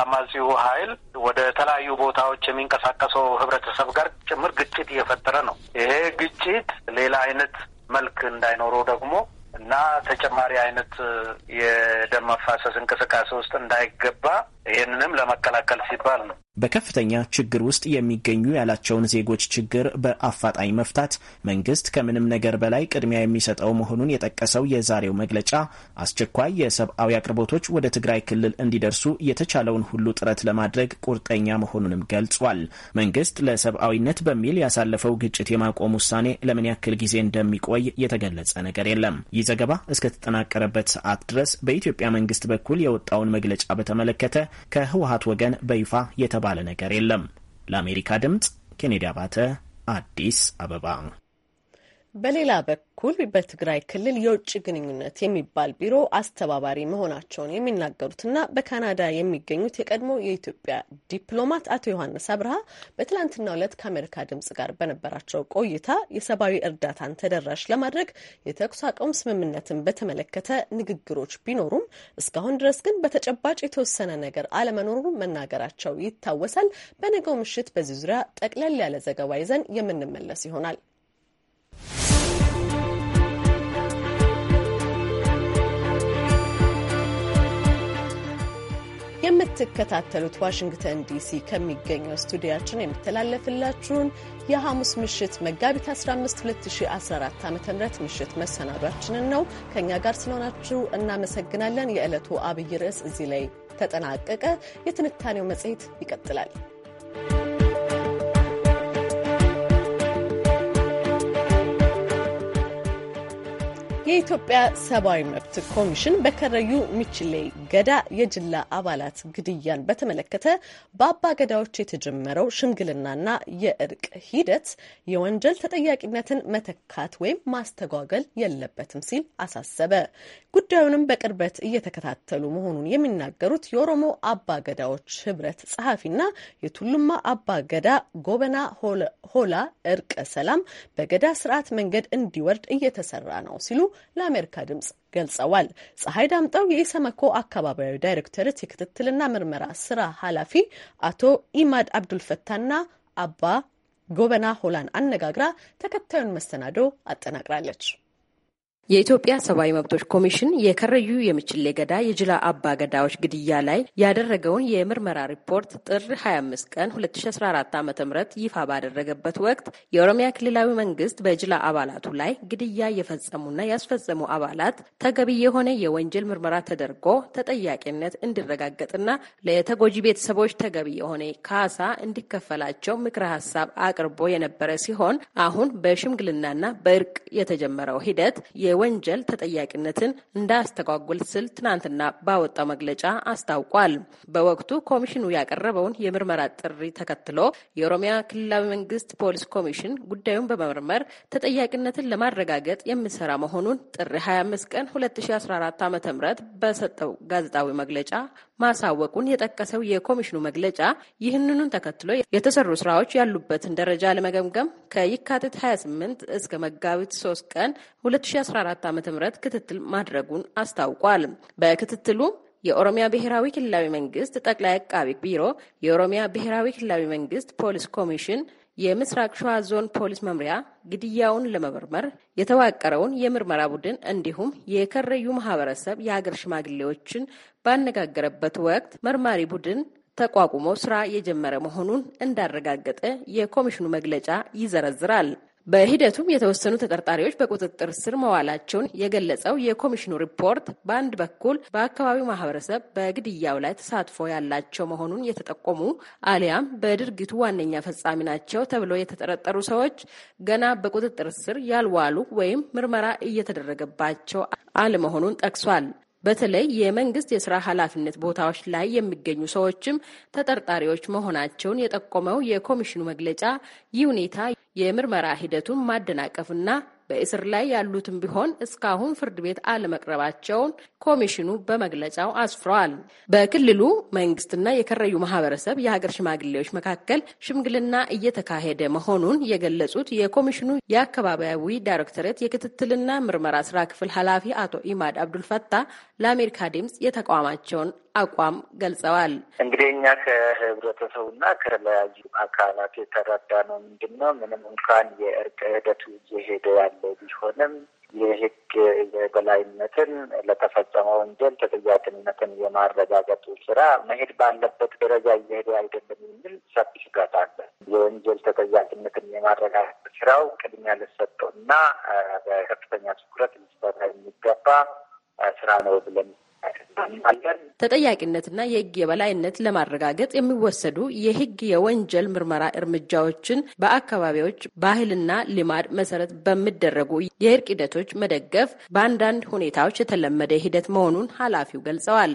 አማጺው ኃይል ወደ ተለያዩ ቦታዎች የሚንቀሳቀሰው ህብረተሰብ ጋር ጭምር ግጭት እየፈጠረ ነው። ይሄ ግጭት ሌላ አይነት መልክ እንዳይኖረው ደግሞ እና ተጨማሪ አይነት የደም መፋሰስ እንቅስቃሴ ውስጥ እንዳይገባ ይህንንም ለመከላከል ሲባል ነው። በከፍተኛ ችግር ውስጥ የሚገኙ ያላቸውን ዜጎች ችግር በአፋጣኝ መፍታት መንግስት ከምንም ነገር በላይ ቅድሚያ የሚሰጠው መሆኑን የጠቀሰው የዛሬው መግለጫ አስቸኳይ የሰብአዊ አቅርቦቶች ወደ ትግራይ ክልል እንዲደርሱ የተቻለውን ሁሉ ጥረት ለማድረግ ቁርጠኛ መሆኑንም ገልጿል። መንግስት ለሰብአዊነት በሚል ያሳለፈው ግጭት የማቆም ውሳኔ ለምን ያክል ጊዜ እንደሚቆይ የተገለጸ ነገር የለም። ይህ ዘገባ እስከተጠናቀረበት ሰዓት ድረስ በኢትዮጵያ መንግስት በኩል የወጣውን መግለጫ በተመለከተ ከህወሀት ወገን በይፋ የተባለ ነገር የለም። ለአሜሪካ ድምፅ ኬኔዲ አባተ አዲስ አበባ በሌላ በኩል በትግራይ ክልል የውጭ ግንኙነት የሚባል ቢሮ አስተባባሪ መሆናቸውን የሚናገሩትና በካናዳ የሚገኙት የቀድሞ የኢትዮጵያ ዲፕሎማት አቶ ዮሐንስ አብርሃ በትላንትናው ዕለት ከአሜሪካ ድምጽ ጋር በነበራቸው ቆይታ የሰብአዊ እርዳታን ተደራሽ ለማድረግ የተኩስ አቁም ስምምነትን በተመለከተ ንግግሮች ቢኖሩም እስካሁን ድረስ ግን በተጨባጭ የተወሰነ ነገር አለመኖሩ መናገራቸው ይታወሳል። በነገው ምሽት በዚህ ዙሪያ ጠቅለል ያለ ዘገባ ይዘን የምንመለስ ይሆናል። የምትከታተሉት ዋሽንግተን ዲሲ ከሚገኘው ስቱዲያችን የሚተላለፍላችሁን የሐሙስ ምሽት መጋቢት 15 2014 ዓ ም ምሽት መሰናዷችንን ነው። ከእኛ ጋር ስለሆናችሁ እናመሰግናለን። የዕለቱ አብይ ርዕስ እዚህ ላይ ተጠናቀቀ። የትንታኔው መጽሔት ይቀጥላል። የኢትዮጵያ ሰብአዊ መብት ኮሚሽን በከረዩ ሚችሌ ገዳ የጅላ አባላት ግድያን በተመለከተ በአባ ገዳዎች የተጀመረው ሽምግልናና የእርቅ ሂደት የወንጀል ተጠያቂነትን መተካት ወይም ማስተጓገል የለበትም ሲል አሳሰበ። ጉዳዩንም በቅርበት እየተከታተሉ መሆኑን የሚናገሩት የኦሮሞ አባ ገዳዎች ህብረት ጸሐፊና የቱሉማ አባ ገዳ ጎበና ሆላ እርቀ ሰላም በገዳ ስርዓት መንገድ እንዲወርድ እየተሰራ ነው ሲሉ ለአሜሪካ ድምጽ ገልጸዋል። ፀሐይ ዳምጠው የኢሰመኮ አካባቢያዊ ዳይሬክተርት የክትትልና ምርመራ ስራ ኃላፊ አቶ ኢማድ አብዱልፈታና አባ ጎበና ሆላን አነጋግራ ተከታዩን መሰናዶ አጠናቅራለች። የኢትዮጵያ ሰብአዊ መብቶች ኮሚሽን የከረዩ የምችሌ ገዳ የጅላ አባ ገዳዎች ግድያ ላይ ያደረገውን የምርመራ ሪፖርት ጥር 25 ቀን 2014 ዓ ም ይፋ ባደረገበት ወቅት የኦሮሚያ ክልላዊ መንግስት በጅላ አባላቱ ላይ ግድያ የፈጸሙና ያስፈጸሙ አባላት ተገቢ የሆነ የወንጀል ምርመራ ተደርጎ ተጠያቂነት እንዲረጋገጥና ለተጎጂ ቤተሰቦች ተገቢ የሆነ ካሳ እንዲከፈላቸው ምክረ ሀሳብ አቅርቦ የነበረ ሲሆን አሁን በሽምግልናና በእርቅ የተጀመረው ሂደት የወንጀል ተጠያቂነትን እንዳያስተጓጉል ስል ትናንትና ባወጣው መግለጫ አስታውቋል። በወቅቱ ኮሚሽኑ ያቀረበውን የምርመራ ጥሪ ተከትሎ የኦሮሚያ ክልላዊ መንግስት ፖሊስ ኮሚሽን ጉዳዩን በመመርመር ተጠያቂነትን ለማረጋገጥ የሚሰራ መሆኑን ጥሪ 25 ቀን 2014 ዓ ም በሰጠው ጋዜጣዊ መግለጫ ማሳወቁን የጠቀሰው የኮሚሽኑ መግለጫ ይህንኑን ተከትሎ የተሰሩ ስራዎች ያሉበትን ደረጃ ለመገምገም ከየካቲት 28 እስከ መጋቢት 3 ቀን 2014 2014 ዓ ም ክትትል ማድረጉን አስታውቋል። በክትትሉ የኦሮሚያ ብሔራዊ ክልላዊ መንግስት ጠቅላይ አቃቢ ቢሮ፣ የኦሮሚያ ብሔራዊ ክልላዊ መንግስት ፖሊስ ኮሚሽን፣ የምስራቅ ሸዋ ዞን ፖሊስ መምሪያ ግድያውን ለመመርመር የተዋቀረውን የምርመራ ቡድን እንዲሁም የከረዩ ማህበረሰብ የሀገር ሽማግሌዎችን ባነጋገረበት ወቅት መርማሪ ቡድን ተቋቁሞ ስራ የጀመረ መሆኑን እንዳረጋገጠ የኮሚሽኑ መግለጫ ይዘረዝራል። በሂደቱም የተወሰኑ ተጠርጣሪዎች በቁጥጥር ስር መዋላቸውን የገለጸው የኮሚሽኑ ሪፖርት በአንድ በኩል በአካባቢው ማህበረሰብ በግድያው ላይ ተሳትፎ ያላቸው መሆኑን የተጠቆሙ አሊያም በድርጊቱ ዋነኛ ፈጻሚ ናቸው ተብሎ የተጠረጠሩ ሰዎች ገና በቁጥጥር ስር ያልዋሉ ወይም ምርመራ እየተደረገባቸው አለመሆኑን ጠቅሷል። በተለይ የመንግስት የስራ ኃላፊነት ቦታዎች ላይ የሚገኙ ሰዎችም ተጠርጣሪዎች መሆናቸውን የጠቆመው የኮሚሽኑ መግለጫ ይህ ሁኔታ የምርመራ ሂደቱን ማደናቀፍና በእስር ላይ ያሉትም ቢሆን እስካሁን ፍርድ ቤት አለመቅረባቸውን ኮሚሽኑ በመግለጫው አስፍረዋል። በክልሉ መንግስትና የከረዩ ማህበረሰብ የሀገር ሽማግሌዎች መካከል ሽምግልና እየተካሄደ መሆኑን የገለጹት የኮሚሽኑ የአካባቢያዊ ዳይሬክተሬት የክትትልና ምርመራ ስራ ክፍል ኃላፊ አቶ ኢማድ አብዱልፈታ ለአሜሪካ ድምፅ የተቋማቸውን አቋም ገልጸዋል። እንግዲህ እኛ ከህብረተሰቡና ከተለያዩ አካላት የተረዳ ነው ምንድን ነው ምንም እንኳን የእርቅ ሂደቱ እየሄደ ያለ ቢሆንም የህግ የበላይነትን ለተፈጸመ ወንጀል ተጠያቂነትን የማረጋገጡ ስራ መሄድ ባለበት ደረጃ እየሄደ አይደለም የሚል ሰፊ ስጋት አለ። የወንጀል ተጠያቂነትን የማረጋገጥ ስራው ቅድሚያ ልሰጠው እና በከፍተኛ ትኩረት ሊሰራ የሚገባ ስራ ነው ብለን ተጠያቂነትና የህግ የበላይነት ለማረጋገጥ የሚወሰዱ የህግ የወንጀል ምርመራ እርምጃዎችን በአካባቢዎች ባህልና ልማድ መሰረት በሚደረጉ የእርቅ ሂደቶች መደገፍ በአንዳንድ ሁኔታዎች የተለመደ ሂደት መሆኑን ኃላፊው ገልጸዋል።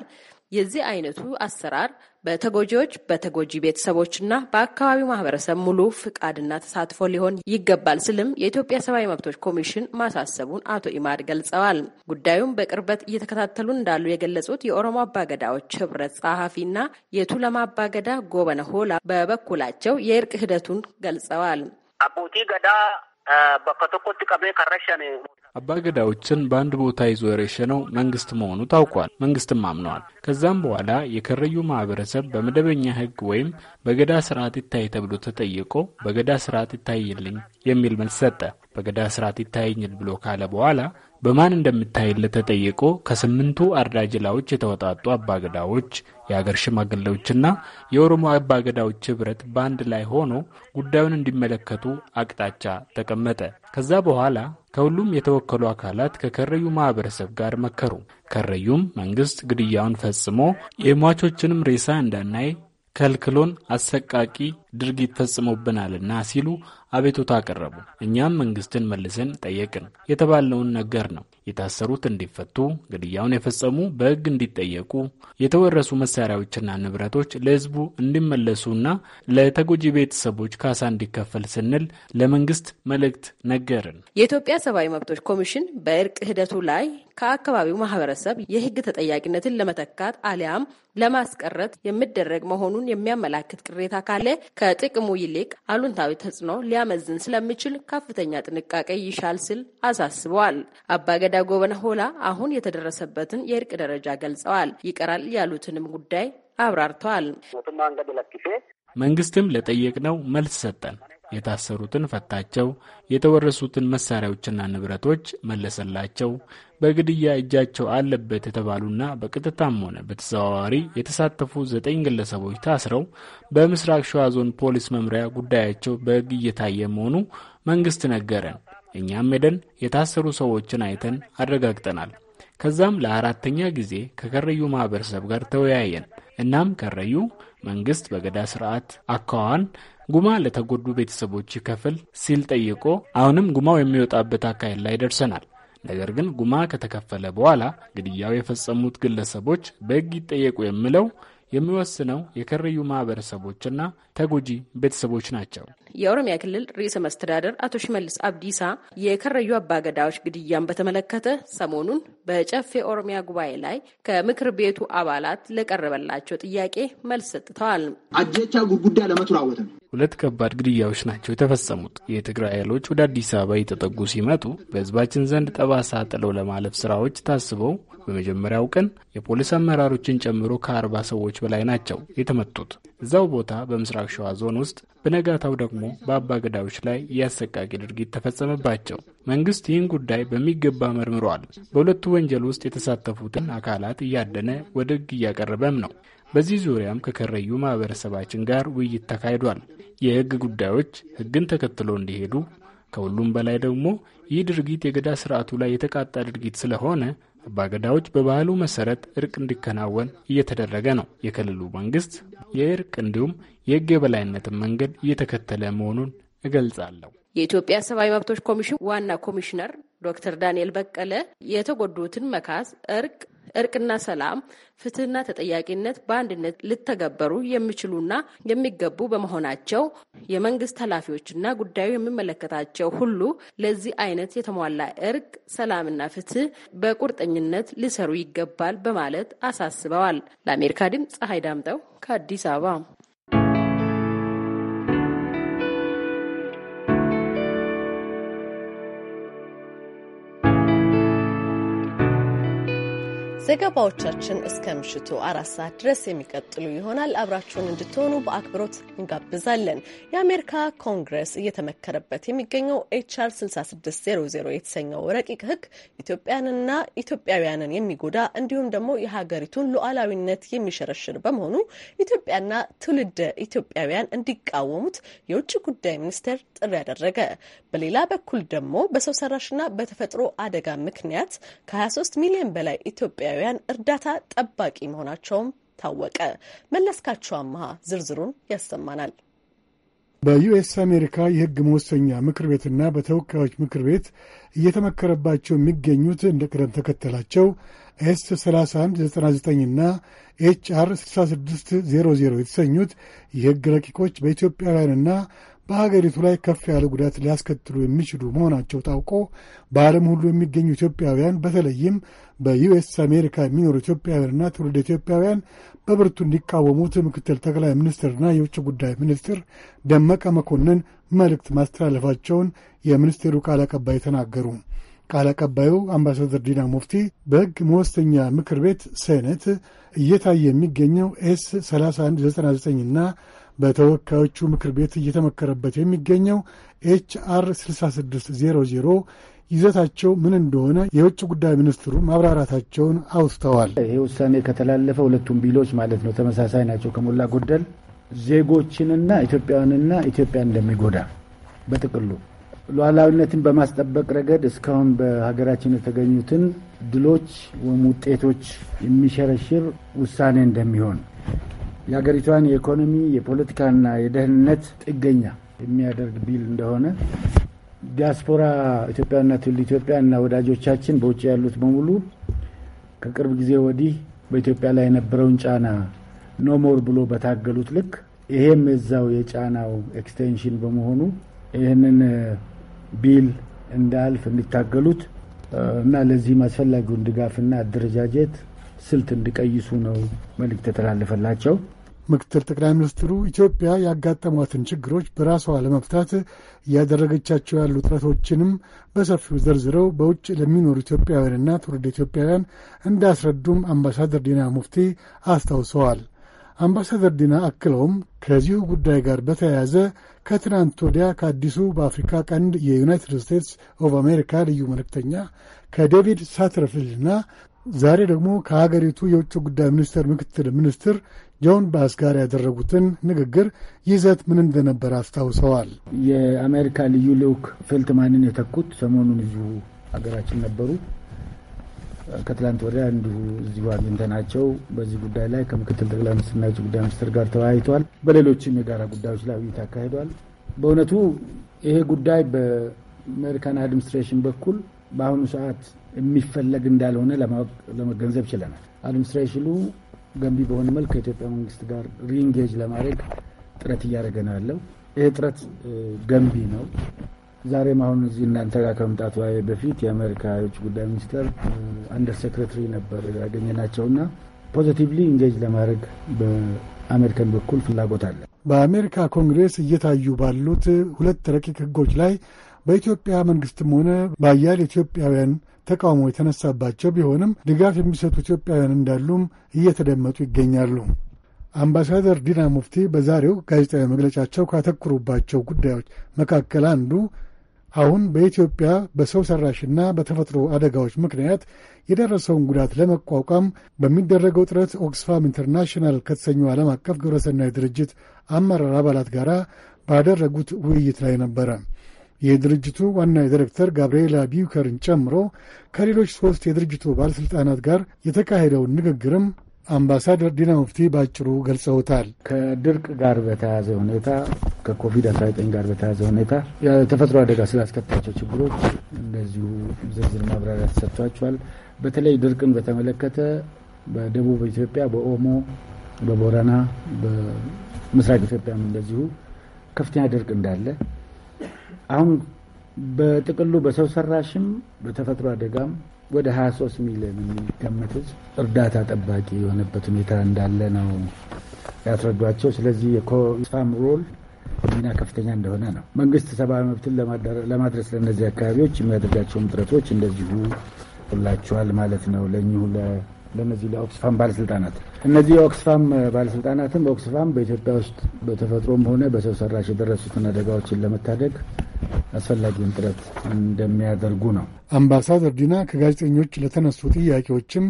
የዚህ አይነቱ አሰራር በተጎጂዎች በተጎጂ ቤተሰቦችና በአካባቢው ማህበረሰብ ሙሉ ፍቃድና ተሳትፎ ሊሆን ይገባል ስልም የኢትዮጵያ ሰብአዊ መብቶች ኮሚሽን ማሳሰቡን አቶ ኢማድ ገልጸዋል። ጉዳዩን በቅርበት እየተከታተሉ እንዳሉ የገለጹት የኦሮሞ አባገዳዎች ህብረት ጸሐፊና የቱለማ አባገዳ ጎበነ ሆላ በበኩላቸው የእርቅ ሂደቱን ገልጸዋል። አቦቲ ገዳ አባ ገዳዎችን በአንድ ቦታ ይዞ የረሸነው መንግስት መሆኑ ታውቋል። መንግስትም አምነዋል። ከዛም በኋላ የከረዩ ማህበረሰብ በመደበኛ ህግ ወይም በገዳ ስርዓት ይታይ ተብሎ ተጠይቆ በገዳ ስርዓት ይታይልኝ የሚል መልስ ሰጠ። በገዳ ስርዓት ይታይኝል ብሎ ካለ በኋላ በማን እንደምታይለት ተጠይቆ ከስምንቱ አርዳጅላዎች የተወጣጡ አባገዳዎች፣ የአገር ሽማግሌዎችና የኦሮሞ አባገዳዎች ህብረት በአንድ ላይ ሆኖ ጉዳዩን እንዲመለከቱ አቅጣጫ ተቀመጠ። ከዛ በኋላ ከሁሉም የተወከሉ አካላት ከከረዩ ማህበረሰብ ጋር መከሩ። ከረዩም መንግስት ግድያውን ፈጽሞ የሟቾችንም ሬሳ እንዳናይ ከልክሎን አሰቃቂ ድርጊት ፈጽሞብናልና ሲሉ አቤቱታ አቀረቡ። እኛም መንግስትን መልሰን ጠየቅን። የተባለውን ነገር ነው። የታሰሩት እንዲፈቱ፣ ግድያውን የፈጸሙ በሕግ እንዲጠየቁ፣ የተወረሱ መሳሪያዎችና ንብረቶች ለሕዝቡ እንዲመለሱና ለተጎጂ ቤተሰቦች ካሳ እንዲከፈል ስንል ለመንግስት መልእክት ነገርን። የኢትዮጵያ ሰብአዊ መብቶች ኮሚሽን በእርቅ ሂደቱ ላይ ከአካባቢው ማህበረሰብ የህግ ተጠያቂነትን ለመተካት አሊያም ለማስቀረት የሚደረግ መሆኑን የሚያመላክት ቅሬታ ካለ ከጥቅሙ ይልቅ አሉንታዊ ተጽዕኖ ሊያመዝን ስለሚችል ከፍተኛ ጥንቃቄ ይሻል ሲል አሳስበዋል። አባገዳ ጎበነ ሆላ አሁን የተደረሰበትን የእርቅ ደረጃ ገልጸዋል። ይቀራል ያሉትንም ጉዳይ አብራርተዋል። መንግስትም ለጠየቅነው መልስ ሰጠን። የታሰሩትን ፈታቸው፣ የተወረሱትን መሳሪያዎችና ንብረቶች መለሰላቸው፣ በግድያ እጃቸው አለበት የተባሉና በቀጥታም ሆነ በተዘዋዋሪ የተሳተፉ ዘጠኝ ግለሰቦች ታስረው በምስራቅ ሸዋ ዞን ፖሊስ መምሪያ ጉዳያቸው በሕግ እየታየ መሆኑ መንግስት ነገረን። እኛም ሄደን የታሰሩ ሰዎችን አይተን አረጋግጠናል። ከዛም ለአራተኛ ጊዜ ከከረዩ ማህበረሰብ ጋር ተወያየን። እናም ከረዩ መንግስት በገዳ ስርዓት አካዋን ጉማ ለተጎዱ ቤተሰቦች ይከፍል ሲል ጠይቆ አሁንም ጉማው የሚወጣበት አካሄድ ላይ ደርሰናል። ነገር ግን ጉማ ከተከፈለ በኋላ ግድያው የፈጸሙት ግለሰቦች በሕግ ይጠየቁ የሚለው የሚወስነው የከረዩ ማህበረሰቦችና ተጎጂ ቤተሰቦች ናቸው። የኦሮሚያ ክልል ርዕሰ መስተዳደር አቶ ሽመልስ አብዲሳ የከረዩ አባገዳዎች ግድያን በተመለከተ ሰሞኑን በጨፌ ኦሮሚያ ጉባኤ ላይ ከምክር ቤቱ አባላት ለቀረበላቸው ጥያቄ መልስ ሰጥተዋል። አጀቻ ጉጉዳ ለመቱራወተ ነው ሁለት ከባድ ግድያዎች ናቸው የተፈጸሙት። የትግራይ ኃይሎች ወደ አዲስ አበባ እየተጠጉ ሲመጡ በሕዝባችን ዘንድ ጠባሳ ጥለው ለማለፍ ስራዎች ታስበው በመጀመሪያው ቀን የፖሊስ አመራሮችን ጨምሮ ከአርባ ሰዎች በላይ ናቸው የተመቱት። እዛው ቦታ በምስራቅ ሸዋ ዞን ውስጥ በነጋታው ደግሞ በአባ ገዳዮች ላይ የአሰቃቂ ድርጊት ተፈጸመባቸው። መንግስት ይህን ጉዳይ በሚገባ መርምሯል። በሁለቱ ወንጀል ውስጥ የተሳተፉትን አካላት እያደነ ወደ ህግ እያቀረበም ነው። በዚህ ዙሪያም ከከረዩ ማህበረሰባችን ጋር ውይይት ተካሂዷል። የህግ ጉዳዮች ህግን ተከትሎ እንዲሄዱ ከሁሉም በላይ ደግሞ ይህ ድርጊት የገዳ ስርዓቱ ላይ የተቃጣ ድርጊት ስለሆነ አባገዳዎች በባህሉ መሰረት እርቅ እንዲከናወን እየተደረገ ነው። የክልሉ መንግስት የእርቅ እንዲሁም የህግ የበላይነትን መንገድ እየተከተለ መሆኑን እገልጻለሁ። የኢትዮጵያ ሰብአዊ መብቶች ኮሚሽን ዋና ኮሚሽነር ዶክተር ዳንኤል በቀለ የተጎዱትን መካስ እርቅ እርቅና ሰላም፣ ፍትህና ተጠያቂነት በአንድነት ልተገበሩ የሚችሉና የሚገቡ በመሆናቸው የመንግስት ኃላፊዎችና ጉዳዩ የሚመለከታቸው ሁሉ ለዚህ አይነት የተሟላ እርቅ፣ ሰላምና ፍትህ በቁርጠኝነት ሊሰሩ ይገባል በማለት አሳስበዋል። ለአሜሪካ ድምፅ ፀሐይ ዳምጠው ከአዲስ አበባ ዘገባዎቻችን እስከ ምሽቱ አራት ሰዓት ድረስ የሚቀጥሉ ይሆናል። አብራችሁን እንድትሆኑ በአክብሮት እንጋብዛለን። የአሜሪካ ኮንግረስ እየተመከረበት የሚገኘው ኤችአር 6600 የተሰኘው ረቂቅ ህግ ኢትዮጵያንና ኢትዮጵያውያንን የሚጎዳ እንዲሁም ደግሞ የሀገሪቱን ሉዓላዊነት የሚሸረሽር በመሆኑ ኢትዮጵያና ትውልደ ኢትዮጵያውያን እንዲቃወሙት የውጭ ጉዳይ ሚኒስቴር ጥሪ ያደረገ። በሌላ በኩል ደግሞ በሰው ሰራሽና በተፈጥሮ አደጋ ምክንያት ከ23 ሚሊዮን በላይ ኢትዮጵያውያን ኢትዮጵያውያን እርዳታ ጠባቂ መሆናቸውም ታወቀ። መለስካቸው አመሃ ዝርዝሩን ያሰማናል። በዩኤስ አሜሪካ የሕግ መወሰኛ ምክር ቤትና በተወካዮች ምክር ቤት እየተመከረባቸው የሚገኙት እንደ ቅደም ተከተላቸው ኤስ 3199ና ኤች አር 6600 የተሰኙት የሕግ ረቂቆች በኢትዮጵያውያንና በሀገሪቱ ላይ ከፍ ያለ ጉዳት ሊያስከትሉ የሚችሉ መሆናቸው ታውቆ በዓለም ሁሉ የሚገኙ ኢትዮጵያውያን በተለይም በዩኤስ አሜሪካ የሚኖሩ ኢትዮጵያውያንና ትውልድ ኢትዮጵያውያን በብርቱ እንዲቃወሙት ምክትል ጠቅላይ ሚኒስትርና የውጭ ጉዳይ ሚኒስትር ደመቀ መኮንን መልእክት ማስተላለፋቸውን የሚኒስቴሩ ቃል አቀባይ ተናገሩ። ቃል አቀባዩ አምባሳደር ዲና ሙፍቲ በሕግ መወሰኛ ምክር ቤት ሴኔት እየታየ የሚገኘው ኤስ 3199ና በተወካዮቹ ምክር ቤት እየተመከረበት የሚገኘው ኤች አር 6600 ይዘታቸው ምን እንደሆነ የውጭ ጉዳይ ሚኒስትሩ ማብራራታቸውን አውስተዋል። ይሄ ውሳኔ ከተላለፈ ሁለቱም ቢሎች ማለት ነው ተመሳሳይ ናቸው። ከሞላ ጎደል ዜጎችንና ኢትዮጵያውያንና ኢትዮጵያን እንደሚጎዳ በጥቅሉ ሉዓላዊነትን በማስጠበቅ ረገድ እስካሁን በሀገራችን የተገኙትን ድሎች ወይም ውጤቶች የሚሸረሽር ውሳኔ እንደሚሆን የሀገሪቷን የኢኮኖሚ የፖለቲካና የደህንነት ጥገኛ የሚያደርግ ቢል እንደሆነ ዲያስፖራ ኢትዮጵያና ትውልድ ኢትዮጵያና ወዳጆቻችን በውጭ ያሉት በሙሉ ከቅርብ ጊዜ ወዲህ በኢትዮጵያ ላይ የነበረውን ጫና ኖሞር ብሎ በታገሉት ልክ ይሄም የዛው የጫናው ኤክስቴንሽን በመሆኑ ይህንን ቢል እንዳልፍ እንዲታገሉት እና ለዚህም አስፈላጊውን ድጋፍና አደረጃጀት ስልት እንዲቀይሱ ነው መልእክት የተላለፈላቸው። ምክትል ጠቅላይ ሚኒስትሩ ኢትዮጵያ ያጋጠሟትን ችግሮች በራሷ ለመፍታት እያደረገቻቸው ያሉ ጥረቶችንም በሰፊው ዘርዝረው በውጭ ለሚኖሩ ኢትዮጵያውያንና ትውልድ ኢትዮጵያውያን እንዳስረዱም አምባሳደር ዲና ሙፍቲ አስታውሰዋል። አምባሳደር ዲና አክለውም ከዚሁ ጉዳይ ጋር በተያያዘ ከትናንት ወዲያ ከአዲሱ በአፍሪካ ቀንድ የዩናይትድ ስቴትስ ኦፍ አሜሪካ ልዩ መልእክተኛ ከዴቪድ ሳተርፊልድና ዛሬ ደግሞ ከሀገሪቱ የውጭ ጉዳይ ሚኒስቴር ምክትል ሚኒስትር ጆን ባስ ጋር ያደረጉትን ንግግር ይዘት ምን እንደነበር አስታውሰዋል። የአሜሪካ ልዩ ልዑክ ፌልትማንን የተኩት ሰሞኑን እዚሁ ሀገራችን ነበሩ። ከትላንት ወዲያ እንዲሁ እዚሁ አግኝተናቸው በዚህ ጉዳይ ላይ ከምክትል ጠቅላይ ሚኒስትርና የውጭ ጉዳይ ሚኒስትር ጋር ተወያይተዋል። በሌሎችም የጋራ ጉዳዮች ላይ ውይይት አካሂዷል። በእውነቱ ይሄ ጉዳይ በአሜሪካን አድሚኒስትሬሽን በኩል በአሁኑ ሰዓት የሚፈለግ እንዳልሆነ ለመገንዘብ ችለናል። አድሚኒስትሬሽኑ ገንቢ በሆነ መልክ ከኢትዮጵያ መንግስት ጋር ሪንጌጅ ለማድረግ ጥረት እያደረገ ነው ያለው። ይህ ጥረት ገንቢ ነው። ዛሬም አሁን እዚህ እናንተ ጋር ከመምጣቱ በፊት የአሜሪካ የውጭ ጉዳይ ሚኒስተር አንደር ሴክሬታሪ ነበር ያገኘናቸውና ፖዚቲቭሊ ኢንጌጅ ለማድረግ በአሜሪካን በኩል ፍላጎት አለ። በአሜሪካ ኮንግሬስ እየታዩ ባሉት ሁለት ረቂቅ ህጎች ላይ በኢትዮጵያ መንግስትም ሆነ በአያሌ ኢትዮጵያውያን ተቃውሞ የተነሳባቸው ቢሆንም ድጋፍ የሚሰጡ ኢትዮጵያውያን እንዳሉም እየተደመጡ ይገኛሉ። አምባሳደር ዲና ሙፍቲ በዛሬው ጋዜጣዊ መግለጫቸው ካተኩሩባቸው ጉዳዮች መካከል አንዱ አሁን በኢትዮጵያ በሰው ሠራሽና በተፈጥሮ አደጋዎች ምክንያት የደረሰውን ጉዳት ለመቋቋም በሚደረገው ጥረት ኦክስፋም ኢንተርናሽናል ከተሰኘው ዓለም አቀፍ ግብረሰናይ ድርጅት አመራር አባላት ጋር ባደረጉት ውይይት ላይ ነበረ። የድርጅቱ ዋና ዲሬክተር ጋብርኤላ ቢውከርን ጨምሮ ከሌሎች ሦስት የድርጅቱ ባለሥልጣናት ጋር የተካሄደውን ንግግርም አምባሳደር ዲና ሙፍቲ በአጭሩ ገልጸውታል። ከድርቅ ጋር በተያያዘ ሁኔታ ከኮቪድ-19 ጋር በተያያዘ ሁኔታ የተፈጥሮ አደጋ ስላስከታቸው ችግሮች እንደዚሁ ዝርዝር ማብራሪያ ተሰጥቷቸዋል። በተለይ ድርቅን በተመለከተ በደቡብ ኢትዮጵያ፣ በኦሞ፣ በቦረና፣ በምስራቅ ኢትዮጵያም እንደዚሁ ከፍተኛ ድርቅ እንዳለ አሁን በጥቅሉ በሰው ሰራሽም በተፈጥሮ አደጋም ወደ 23 ሚሊዮን የሚገመት ህዝብ እርዳታ ጠባቂ የሆነበት ሁኔታ እንዳለ ነው ያስረዷቸው። ስለዚህ የኮስፋም ሮል ሚና ከፍተኛ እንደሆነ ነው። መንግስት ሰብአዊ መብትን ለማድረስ ለእነዚህ አካባቢዎች የሚያደርጋቸውን ጥረቶች እንደዚሁ ሁላችኋል ማለት ነው ለእኚሁ ለነዚህ ለኦክስፋም ባለስልጣናት እነዚህ የኦክስፋም ባለስልጣናትም ኦክስፋም በኢትዮጵያ ውስጥ በተፈጥሮም ሆነ በሰው ሰራሽ የደረሱትን አደጋዎችን ለመታደግ አስፈላጊውን ጥረት እንደሚያደርጉ ነው። አምባሳደር ዲና ከጋዜጠኞች ለተነሱ ጥያቄዎችም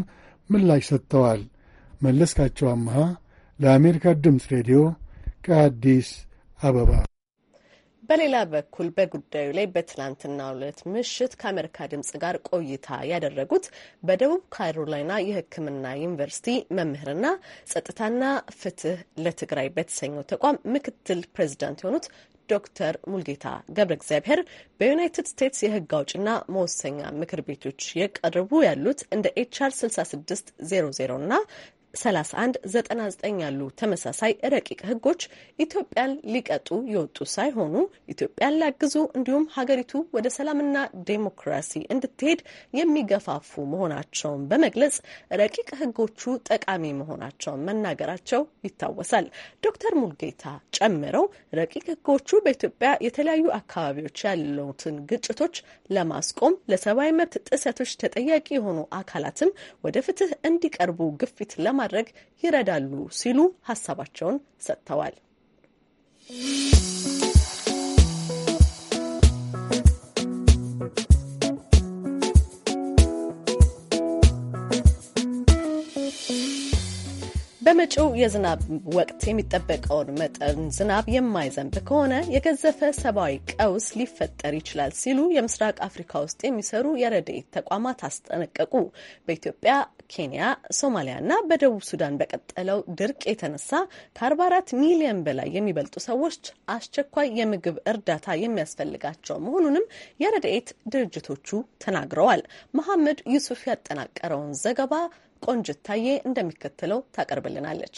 ምላሽ ሰጥተዋል። መለስካቸው አመሃ ለአሜሪካ ድምፅ ሬዲዮ ከአዲስ አበባ በሌላ በኩል በጉዳዩ ላይ በትላንትናው ዕለት ምሽት ከአሜሪካ ድምጽ ጋር ቆይታ ያደረጉት በደቡብ ካሮላይና የሕክምና ዩኒቨርሲቲ መምህርና ጸጥታና ፍትህ ለትግራይ በተሰኘው ተቋም ምክትል ፕሬዚዳንት የሆኑት ዶክተር ሙልጌታ ገብረ እግዚአብሔር በዩናይትድ ስቴትስ የህግ አውጭና መወሰኛ ምክር ቤቶች የቀርቡ ያሉት እንደ ኤችአር 6600 እና 3199 ያሉ ተመሳሳይ ረቂቅ ህጎች ኢትዮጵያን ሊቀጡ የወጡ ሳይሆኑ ኢትዮጵያን ሊያግዙ እንዲሁም ሀገሪቱ ወደ ሰላምና ዴሞክራሲ እንድትሄድ የሚገፋፉ መሆናቸውን በመግለጽ ረቂቅ ህጎቹ ጠቃሚ መሆናቸውን መናገራቸው ይታወሳል። ዶክተር ሙልጌታ ጨምረው ረቂቅ ህጎቹ በኢትዮጵያ የተለያዩ አካባቢዎች ያሉትን ግጭቶች ለማስቆም ለሰብአዊ መብት ጥሰቶች ተጠያቂ የሆኑ አካላትም ወደ ፍትህ እንዲቀርቡ ግፊት ለማ ለማድረግ ይረዳሉ ሲሉ ሀሳባቸውን ሰጥተዋል። በመጪው የዝናብ ወቅት የሚጠበቀውን መጠን ዝናብ የማይዘንብ ከሆነ የገዘፈ ሰብአዊ ቀውስ ሊፈጠር ይችላል ሲሉ የምስራቅ አፍሪካ ውስጥ የሚሰሩ የረድኤት ተቋማት አስጠነቀቁ። በኢትዮጵያ ኬንያ፣ ሶማሊያና በደቡብ ሱዳን በቀጠለው ድርቅ የተነሳ ከ44 ሚሊዮን በላይ የሚበልጡ ሰዎች አስቸኳይ የምግብ እርዳታ የሚያስፈልጋቸው መሆኑንም የረድኤት ድርጅቶቹ ተናግረዋል። መሐመድ ዩሱፍ ያጠናቀረውን ዘገባ ቆንጅታዬ እንደሚከተለው ታቀርብልናለች።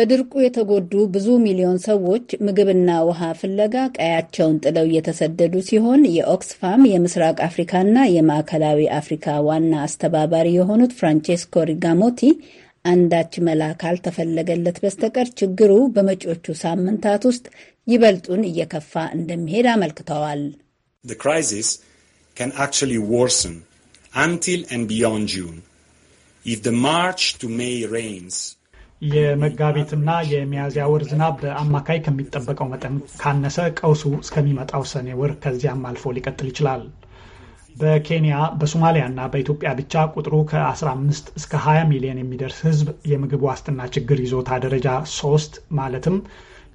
በድርቁ የተጎዱ ብዙ ሚሊዮን ሰዎች ምግብና ውሃ ፍለጋ ቀያቸውን ጥለው እየተሰደዱ ሲሆን የኦክስፋም የምስራቅ አፍሪካና የማዕከላዊ አፍሪካ ዋና አስተባባሪ የሆኑት ፍራንቼስኮ ሪጋሞቲ አንዳች መላ ካልተፈለገለት በስተቀር ችግሩ በመጪዎቹ ሳምንታት ውስጥ ይበልጡን እየከፋ እንደሚሄድ አመልክተዋል። የመጋቢትና የሚያዝያ ወር ዝናብ በአማካይ ከሚጠበቀው መጠን ካነሰ ቀውሱ እስከሚመጣው ሰኔ ወር ከዚያም አልፎ ሊቀጥል ይችላል። በኬንያ በሶማሊያና በኢትዮጵያ ብቻ ቁጥሩ ከ15 እስከ 20 ሚሊዮን የሚደርስ ሕዝብ የምግብ ዋስትና ችግር ይዞታ ደረጃ ሶስት ማለትም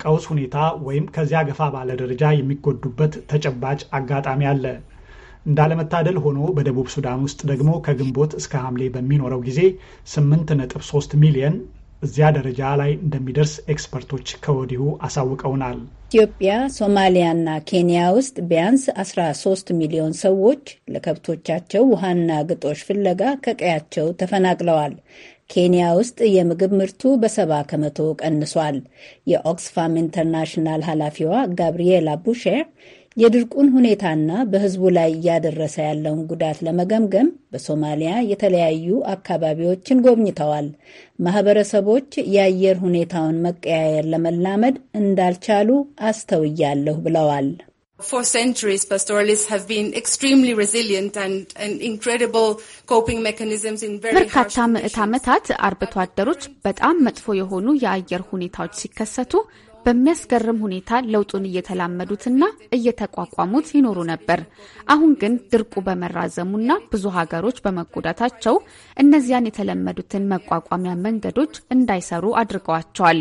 ቀውስ ሁኔታ ወይም ከዚያ ገፋ ባለ ደረጃ የሚጎዱበት ተጨባጭ አጋጣሚ አለ። እንዳለመታደል ሆኖ በደቡብ ሱዳን ውስጥ ደግሞ ከግንቦት እስከ ሐምሌ በሚኖረው ጊዜ 8.3 ሚሊዮን እዚያ ደረጃ ላይ እንደሚደርስ ኤክስፐርቶች ከወዲሁ አሳውቀውናል። ኢትዮጵያ፣ ሶማሊያና ኬንያ ውስጥ ቢያንስ 13 ሚሊዮን ሰዎች ለከብቶቻቸው ውሃና ግጦሽ ፍለጋ ከቀያቸው ተፈናቅለዋል። ኬንያ ውስጥ የምግብ ምርቱ በሰባ ከመቶ ቀንሷል። የኦክስፋም ኢንተርናሽናል ኃላፊዋ ጋብርኤል ቡሼር የድርቁን ሁኔታና በህዝቡ ላይ እያደረሰ ያለውን ጉዳት ለመገምገም በሶማሊያ የተለያዩ አካባቢዎችን ጎብኝተዋል። ማህበረሰቦች የአየር ሁኔታውን መቀያየር ለመላመድ እንዳልቻሉ አስተውያለሁ ብለዋል። በርካታ ምዕት ዓመታት አርብቶ አደሮች በጣም መጥፎ የሆኑ የአየር ሁኔታዎች ሲከሰቱ በሚያስገርም ሁኔታ ለውጡን እየተላመዱትና እየተቋቋሙት ይኖሩ ነበር። አሁን ግን ድርቁ በመራዘሙና ብዙ ሀገሮች በመጎዳታቸው እነዚያን የተለመዱትን መቋቋሚያ መንገዶች እንዳይሰሩ አድርገዋቸዋል።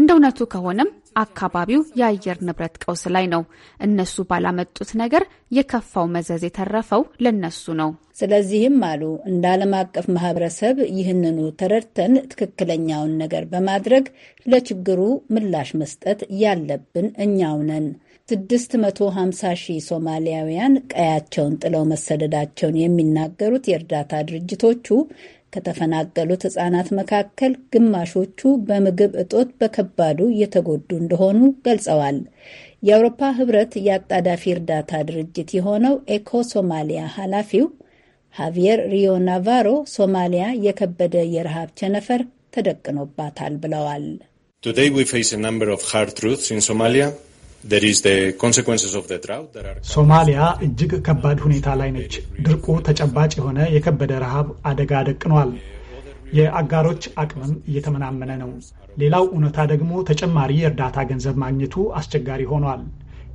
እንደ እውነቱ ከሆነም አካባቢው የአየር ንብረት ቀውስ ላይ ነው። እነሱ ባላመጡት ነገር የከፋው መዘዝ የተረፈው ለነሱ ነው። ስለዚህም አሉ እንደ ዓለም አቀፍ ማህበረሰብ ይህንኑ ተረድተን ትክክለኛውን ነገር በማድረግ ለችግሩ ምላሽ መስጠት ያለብን እኛው ነን። 650 ሺህ ሶማሊያውያን ቀያቸውን ጥለው መሰደዳቸውን የሚናገሩት የእርዳታ ድርጅቶቹ ከተፈናቀሉት ህጻናት መካከል ግማሾቹ በምግብ እጦት በከባዱ እየተጎዱ እንደሆኑ ገልጸዋል። የአውሮፓ ህብረት የአጣዳፊ እርዳታ ድርጅት የሆነው ኤኮ ሶማሊያ ኃላፊው ሃቪየር ሪዮ ናቫሮ ሶማሊያ የከበደ የረሃብ ቸነፈር ተደቅኖባታል ብለዋል። ቱዴይ ዊ ፌስ አ ናምበር ኦፍ ሃርድ ሶማሊያ እጅግ ከባድ ሁኔታ ላይ ነች። ድርቁ ተጨባጭ የሆነ የከበደ ረሃብ አደጋ ደቅኗል። የአጋሮች አቅምም እየተመናመነ ነው። ሌላው እውነታ ደግሞ ተጨማሪ የእርዳታ ገንዘብ ማግኘቱ አስቸጋሪ ሆኗል።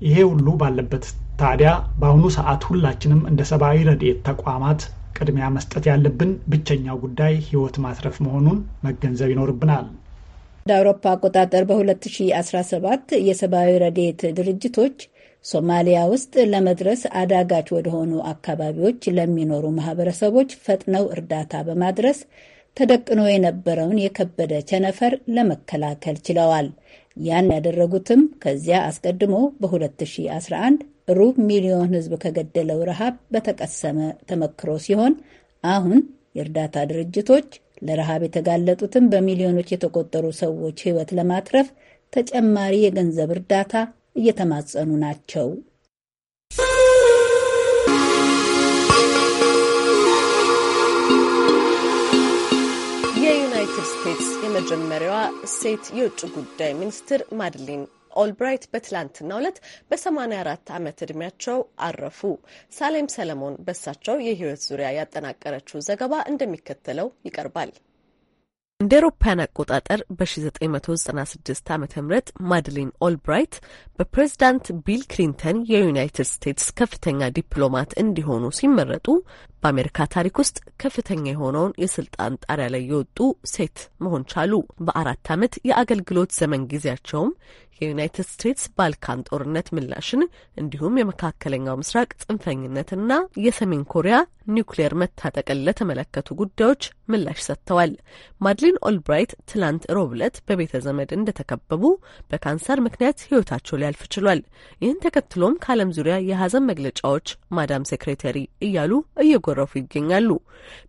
ይሄ ሁሉ ባለበት ታዲያ በአሁኑ ሰዓት ሁላችንም እንደ ሰብአዊ ረድኤት ተቋማት ቅድሚያ መስጠት ያለብን ብቸኛው ጉዳይ ሕይወት ማትረፍ መሆኑን መገንዘብ ይኖርብናል። እንደ አውሮፓ አቆጣጠር በ2017 የሰብአዊ ረድኤት ድርጅቶች ሶማሊያ ውስጥ ለመድረስ አዳጋች ወደሆኑ አካባቢዎች ለሚኖሩ ማህበረሰቦች ፈጥነው እርዳታ በማድረስ ተደቅኖ የነበረውን የከበደ ቸነፈር ለመከላከል ችለዋል። ያን ያደረጉትም ከዚያ አስቀድሞ በ2011 ሩብ ሚሊዮን ሕዝብ ከገደለው ረሃብ በተቀሰመ ተመክሮ ሲሆን አሁን የእርዳታ ድርጅቶች ለረሃብ የተጋለጡትን በሚሊዮኖች የተቆጠሩ ሰዎች ሕይወት ለማትረፍ ተጨማሪ የገንዘብ እርዳታ እየተማጸኑ ናቸው። የዩናይትድ ስቴትስ የመጀመሪያዋ ሴት የውጭ ጉዳይ ሚኒስትር ማድሊን ኦልብራይት በትላንትናው ዕለት በ84 ዓመት ዕድሜያቸው አረፉ። ሳሌም ሰለሞን በሳቸው የህይወት ዙሪያ ያጠናቀረችው ዘገባ እንደሚከተለው ይቀርባል። እንደ ኤሮፓያን አቆጣጠር በ1996 ዓ ም ማድሊን ኦልብራይት በፕሬዝዳንት ቢል ክሊንተን የዩናይትድ ስቴትስ ከፍተኛ ዲፕሎማት እንዲሆኑ ሲመረጡ በአሜሪካ ታሪክ ውስጥ ከፍተኛ የሆነውን የስልጣን ጣሪያ ላይ የወጡ ሴት መሆን ቻሉ። በአራት ዓመት የአገልግሎት ዘመን ጊዜያቸውም የዩናይትድ ስቴትስ ባልካን ጦርነት ምላሽን እንዲሁም የመካከለኛው ምስራቅ ጽንፈኝነትና የሰሜን ኮሪያ ኒውክሌር መታጠቅን ለተመለከቱ ጉዳዮች ምላሽ ሰጥተዋል። ማድሊን ኦልብራይት ትላንት ሮብ ዕለት በቤተ ዘመድ እንደተከበቡ በካንሰር ምክንያት ህይወታቸው ሊያልፍ ችሏል። ይህን ተከትሎም ከዓለም ዙሪያ የሀዘን መግለጫዎች ማዳም ሴክሬተሪ እያሉ እየጎረፉ ይገኛሉ።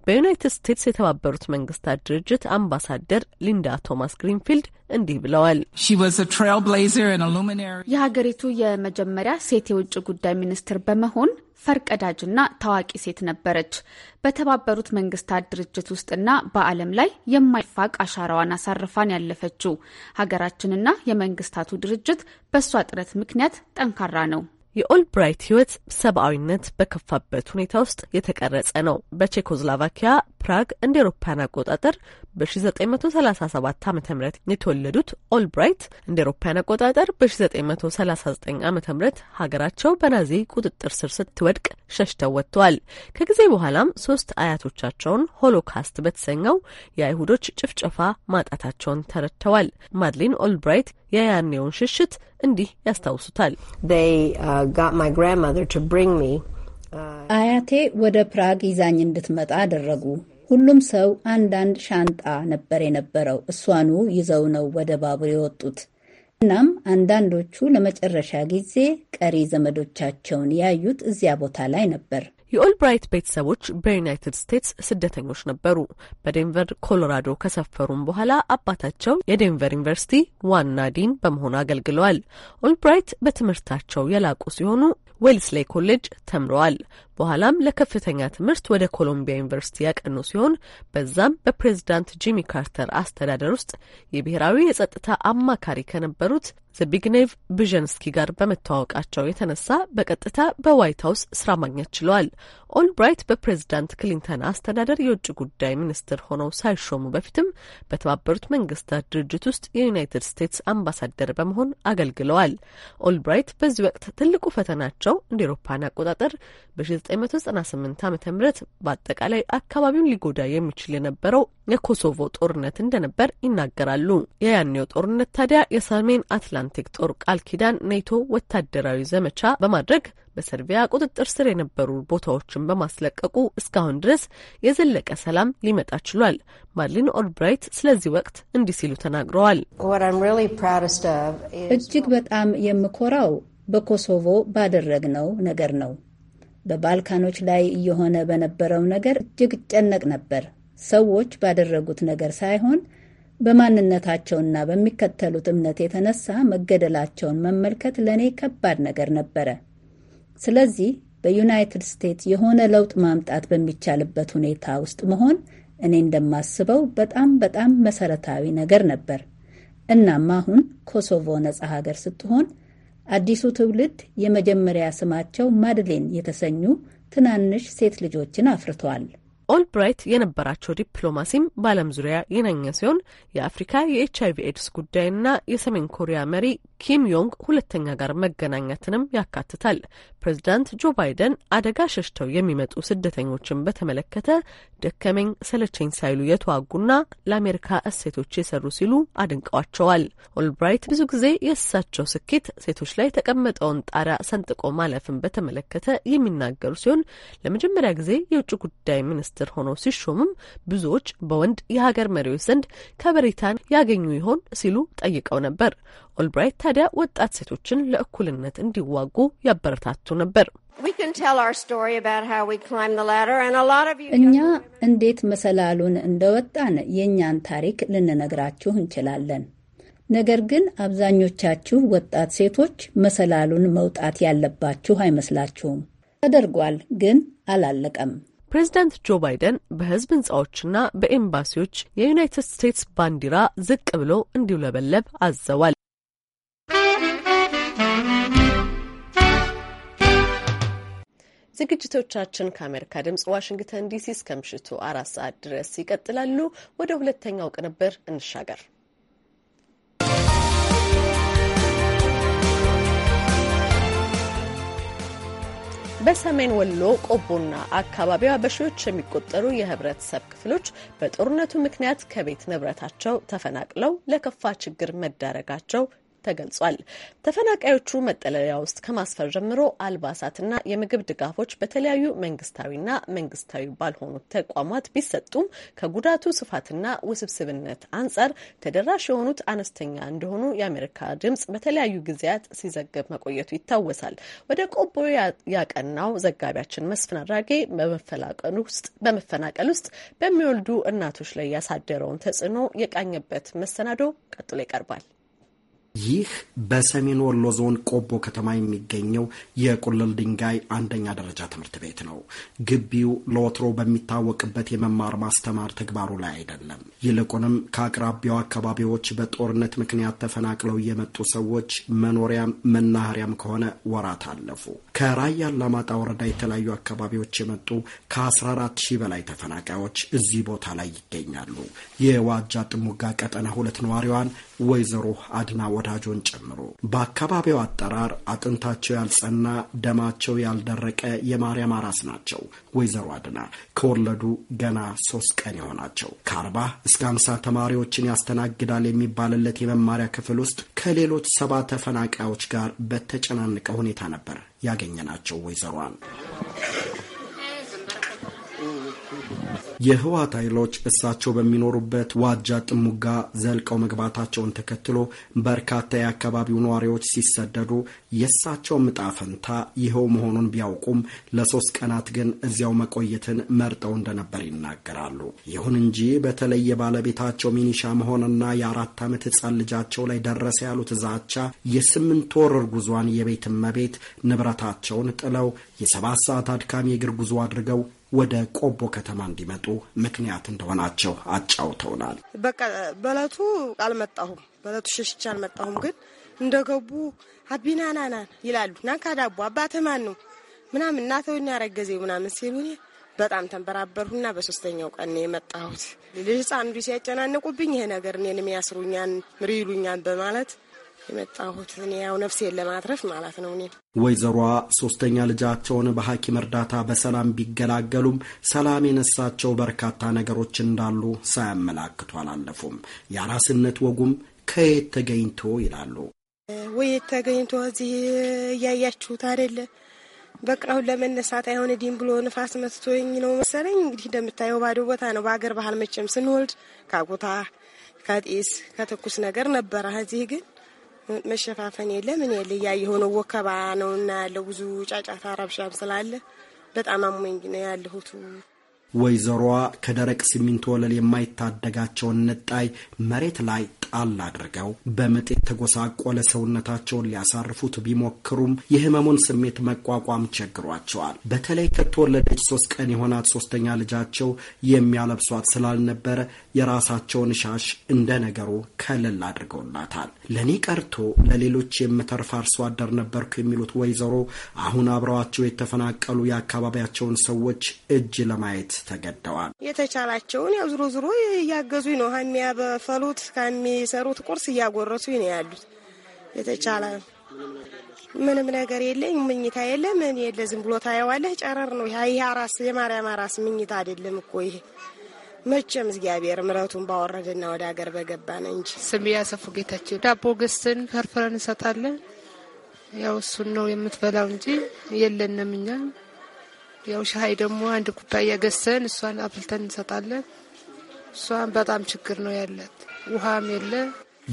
በዩናይትድ ስቴትስ የተባበሩት መንግስታት ድርጅት አምባሳደር ሊንዳ ቶማስ ግሪንፊልድ እንዲህ ብለዋል። የሀገሪቱ የመጀመሪያ ሴት የውጭ ጉዳይ ሚኒስትር በመሆን ፈርቀዳጅና ታዋቂ ሴት ነበረች። በተባበሩት መንግስታት ድርጅት ውስጥና በዓለም ላይ የማይፋቅ አሻራዋን አሳርፋን ያለፈችው ሀገራችንና የመንግስታቱ ድርጅት በእሷ ጥረት ምክንያት ጠንካራ ነው። የኦልብራይት ህይወት ሰብአዊነት በከፋበት ሁኔታ ውስጥ የተቀረጸ ነው። በቼኮዝላቫኪያ ፕራግ እንደ ኤሮፓያን አቆጣጠር በ1937 ዓ ም የተወለዱት ኦልብራይት እንደ ኤሮፓያን አቆጣጠር በ1939 ዓ ም ሀገራቸው በናዚ ቁጥጥር ስር ስትወድቅ ሸሽተው ወጥተዋል። ከጊዜ በኋላም ሶስት አያቶቻቸውን ሆሎካስት በተሰኘው የአይሁዶች ጭፍጨፋ ማጣታቸውን ተረድተዋል። ማድሊን ኦልብራይት የያኔውን ሽሽት እንዲህ ያስታውሱታል። uh, uh, አያቴ ወደ ፕራግ ይዛኝ እንድትመጣ አደረጉ። ሁሉም ሰው አንዳንድ ሻንጣ ነበር የነበረው። እሷኑ ይዘው ነው ወደ ባቡር የወጡት። እናም አንዳንዶቹ ለመጨረሻ ጊዜ ቀሪ ዘመዶቻቸውን ያዩት እዚያ ቦታ ላይ ነበር። የኦልብራይት ቤተሰቦች በዩናይትድ ስቴትስ ስደተኞች ነበሩ። በዴንቨር ኮሎራዶ ከሰፈሩም በኋላ አባታቸው የዴንቨር ዩኒቨርሲቲ ዋና ዲን በመሆኑ አገልግለዋል። ኦልብራይት በትምህርታቸው የላቁ ሲሆኑ ዌልስሌይ ኮሌጅ ተምረዋል። በኋላም ለከፍተኛ ትምህርት ወደ ኮሎምቢያ ዩኒቨርሲቲ ያቀኑ ሲሆን በዛም በፕሬዚዳንት ጂሚ ካርተር አስተዳደር ውስጥ የብሔራዊ የጸጥታ አማካሪ ከነበሩት ዘቢግኔቭ ብዥንስኪ ጋር በመተዋወቃቸው የተነሳ በቀጥታ በዋይት ሀውስ ስራ ማግኘት ችለዋል። ኦልብራይት በፕሬዚዳንት ክሊንተን አስተዳደር የውጭ ጉዳይ ሚኒስትር ሆነው ሳይሾሙ በፊትም በተባበሩት መንግስታት ድርጅት ውስጥ የዩናይትድ ስቴትስ አምባሳደር በመሆን አገልግለዋል። ኦልብራይት በዚህ ወቅት ትልቁ ፈተናቸው እንደ ኤሮፓን አቆጣጠር በሺ 1998 ዓ ም በአጠቃላይ አካባቢውን ሊጎዳ የሚችል የነበረው የኮሶቮ ጦርነት እንደነበር ይናገራሉ። የያኔው ጦርነት ታዲያ የሰሜን አትላንቲክ ጦር ቃል ኪዳን ኔቶ ወታደራዊ ዘመቻ በማድረግ በሰርቢያ ቁጥጥር ስር የነበሩ ቦታዎችን በማስለቀቁ እስካሁን ድረስ የዘለቀ ሰላም ሊመጣ ችሏል። ማድሊን ኦልብራይት ስለዚህ ወቅት እንዲህ ሲሉ ተናግረዋል። እጅግ በጣም የምኮራው በኮሶቮ ባደረግነው ነገር ነው። በባልካኖች ላይ እየሆነ በነበረው ነገር እጅግ እጨነቅ ነበር። ሰዎች ባደረጉት ነገር ሳይሆን በማንነታቸውና በሚከተሉት እምነት የተነሳ መገደላቸውን መመልከት ለእኔ ከባድ ነገር ነበረ። ስለዚህ በዩናይትድ ስቴትስ የሆነ ለውጥ ማምጣት በሚቻልበት ሁኔታ ውስጥ መሆን እኔ እንደማስበው በጣም በጣም መሰረታዊ ነገር ነበር። እናም አሁን ኮሶቮ ነጻ ሀገር ስትሆን አዲሱ ትውልድ የመጀመሪያ ስማቸው ማድሌን የተሰኙ ትናንሽ ሴት ልጆችን አፍርቷል። ኦልብራይት የነበራቸው ዲፕሎማሲም በዓለም ዙሪያ የናኘ ሲሆን የአፍሪካ የኤች አይቪ ኤድስ ጉዳይና የሰሜን ኮሪያ መሪ ኪም ዮንግ ሁለተኛ ጋር መገናኘትንም ያካትታል። ፕሬዚዳንት ጆ ባይደን አደጋ ሸሽተው የሚመጡ ስደተኞችን በተመለከተ ደከመኝ ሰለቸኝ ሳይሉ የተዋጉና ለአሜሪካ እሴቶች የሰሩ ሲሉ አድንቀዋቸዋል። ኦልብራይት ብዙ ጊዜ የእሳቸው ስኬት ሴቶች ላይ የተቀመጠውን ጣሪያ ሰንጥቆ ማለፍን በተመለከተ የሚናገሩ ሲሆን ለመጀመሪያ ጊዜ የውጭ ጉዳይ ሚኒስትር ሚኒስትር ሆነው ሲሾምም ብዙዎች በወንድ የሀገር መሪዎች ዘንድ ከበሬታን ያገኙ ይሆን ሲሉ ጠይቀው ነበር። ኦልብራይት ታዲያ ወጣት ሴቶችን ለእኩልነት እንዲዋጉ ያበረታቱ ነበር። እኛ እንዴት መሰላሉን እንደወጣን የእኛን ታሪክ ልንነግራችሁ እንችላለን። ነገር ግን አብዛኞቻችሁ ወጣት ሴቶች መሰላሉን መውጣት ያለባችሁ አይመስላችሁም። ተደርጓል፣ ግን አላለቀም። ፕሬዚዳንት ጆ ባይደን በህዝብ ህንፃዎችና በኤምባሲዎች የዩናይትድ ስቴትስ ባንዲራ ዝቅ ብሎ እንዲውለበለብ አዘዋል። ዝግጅቶቻችን ከአሜሪካ ድምጽ ዋሽንግተን ዲሲ እስከ ምሽቱ አራት ሰዓት ድረስ ይቀጥላሉ። ወደ ሁለተኛው ቅንብር እንሻገር። በሰሜን ወሎ ቆቦና አካባቢዋ በሺዎች የሚቆጠሩ የህብረተሰብ ክፍሎች በጦርነቱ ምክንያት ከቤት ንብረታቸው ተፈናቅለው ለከፋ ችግር መዳረጋቸው ተገልጿል። ተፈናቃዮቹ መጠለያ ውስጥ ከማስፈር ጀምሮ አልባሳትና የምግብ ድጋፎች በተለያዩ መንግስታዊና መንግስታዊ ባልሆኑ ተቋማት ቢሰጡም ከጉዳቱ ስፋትና ውስብስብነት አንጻር ተደራሽ የሆኑት አነስተኛ እንደሆኑ የአሜሪካ ድምጽ በተለያዩ ጊዜያት ሲዘግብ መቆየቱ ይታወሳል። ወደ ቆቦ ያቀናው ዘጋቢያችን መስፍን አድራጌ በመፈናቀል ውስጥ በሚወልዱ እናቶች ላይ ያሳደረውን ተጽዕኖ የቃኘበት መሰናዶ ቀጥሎ ይቀርባል። ይህ በሰሜን ወሎ ዞን ቆቦ ከተማ የሚገኘው የቁልል ድንጋይ አንደኛ ደረጃ ትምህርት ቤት ነው። ግቢው ለወትሮ በሚታወቅበት የመማር ማስተማር ተግባሩ ላይ አይደለም። ይልቁንም ከአቅራቢያው አካባቢዎች በጦርነት ምክንያት ተፈናቅለው የመጡ ሰዎች መኖሪያም መናኸሪያም ከሆነ ወራት አለፉ። ከራያ አላማጣ ወረዳ የተለያዩ አካባቢዎች የመጡ ከ14 ሺህ በላይ ተፈናቃዮች እዚህ ቦታ ላይ ይገኛሉ። የዋጃ ጥሙጋ ቀጠና ሁለት ነዋሪዋን ወይዘሮ አድና ወዳጆን ጨምሮ በአካባቢው አጠራር አጥንታቸው ያልጸና ደማቸው ያልደረቀ የማርያም አራስ ናቸው። ወይዘሮ አድና ከወለዱ ገና ሶስት ቀን የሆናቸው ከአርባ እስከ አምሳ ተማሪዎችን ያስተናግዳል የሚባልለት የመማሪያ ክፍል ውስጥ ከሌሎች ሰባ ተፈናቃዮች ጋር በተጨናነቀ ሁኔታ ነበር ያገኘናቸው ወይዘሮዋን የህወሓት ኃይሎች እሳቸው በሚኖሩበት ዋጃ ጥሙጋ ዘልቀው መግባታቸውን ተከትሎ በርካታ የአካባቢው ነዋሪዎች ሲሰደዱ የእሳቸው ዕጣ ፈንታ ይኸው መሆኑን ቢያውቁም ለሶስት ቀናት ግን እዚያው መቆየትን መርጠው እንደነበር ይናገራሉ። ይሁን እንጂ በተለይ የባለቤታቸው ሚኒሻ መሆንና የአራት ዓመት ህፃን ልጃቸው ላይ ደረሰ ያሉት ዛቻ የስምንት ወር እርጉዟን የቤት እመቤት ንብረታቸውን ጥለው የሰባት ሰዓት አድካሚ የእግር ጉዞ አድርገው ወደ ቆቦ ከተማ እንዲመጡ ምክንያት እንደሆናቸው አጫውተውናል። በቃ በለቱ አልመጣሁም፣ በለቱ ሸሽቼ አልመጣሁም። ግን እንደገቡ አቢናናና ይላሉ ና ካዳቦ አባት ማን ነው ምናምን እናተው ያረገዜ ምናምን ሲሉ በጣም ተንበራበርሁና በሶስተኛው ቀን ነው የመጣሁት። ልጅ ህፃን ሲያጨናንቁብኝ ይሄ ነገር እኔንም ያስሩኛን ምር በማለት የመጣሁት እኔ ያው ነፍሴን ለማትረፍ ማለት ነው። እኔ ወይዘሯ ሶስተኛ ልጃቸውን በሐኪም እርዳታ በሰላም ቢገላገሉም ሰላም የነሳቸው በርካታ ነገሮች እንዳሉ ሳያመላክቱ አላለፉም። የአራስነት ወጉም ከየት ተገኝቶ ይላሉ። ወየት ተገኝቶ እዚህ እያያችሁት በቃ በቅራሁን ለመነሳት አይሆን ዲም ብሎ ንፋስ መስቶኝ ነው መሰለኝ። እንግዲህ እንደምታየው ባዶ ቦታ ነው። በሀገር ባህል መቼም ስንወልድ ከአጎታ ከጢስ ከትኩስ ነገር ነበረ። እዚህ ግን መሸፋፈን የለ ምን የለ እያየ ሆነ ወከባ ነው እና ያለው ብዙ ጫጫታ ረብሻም ስላለ በጣም አሞኝ ነው ያለሁት። ወይዘሮዋ ከደረቅ ሲሚንቶ ወለል የማይታደጋቸውን ንጣይ መሬት ላይ ጣል አድርገው በምጥ የተጎሳቆለ ሰውነታቸውን ሊያሳርፉት ቢሞክሩም የህመሙን ስሜት መቋቋም ቸግሯቸዋል። በተለይ ከተወለደች ሶስት ቀን የሆናት ሶስተኛ ልጃቸው የሚያለብሷት ስላልነበረ የራሳቸውን ሻሽ እንደ ነገሩ ከልል አድርገውላታል። ለእኔ ቀርቶ ለሌሎች የምተርፍ አርሶ አደር ነበርኩ የሚሉት ወይዘሮ አሁን አብረዋቸው የተፈናቀሉ የአካባቢያቸውን ሰዎች እጅ ለማየት ተገደዋል። የተቻላቸውን ያው ዝሮ ዝሮ እያገዙኝ ነው። ሀሚያ በፈሉት ከሚሰሩት ቁርስ እያጎረሱኝ ነው ያሉት። የተቻለ ምንም ነገር የለኝ። ምኝታ የለ ምን የለ። ዝም ብሎ ታየዋለህ። ጨረር ነው ይህ አራስ የማርያም አራስ ምኝታ አይደለም እኮ ይሄ መቼም እግዚአብሔር ምረቱን ባወረደና ወደ ሀገር በገባ በገባን እንጂ። ስም ያሰፉ ጌታቸው ዳቦ ገዝተን ፈርፍረን እንሰጣለን። ያው እሱን ነው የምትበላው እንጂ የለንም እኛ ያው ሻይ ደግሞ አንድ ኩባያ ገዝተን እሷን አፍልተን እንሰጣለን። እሷን በጣም ችግር ነው ያለት፣ ውሃም የለ።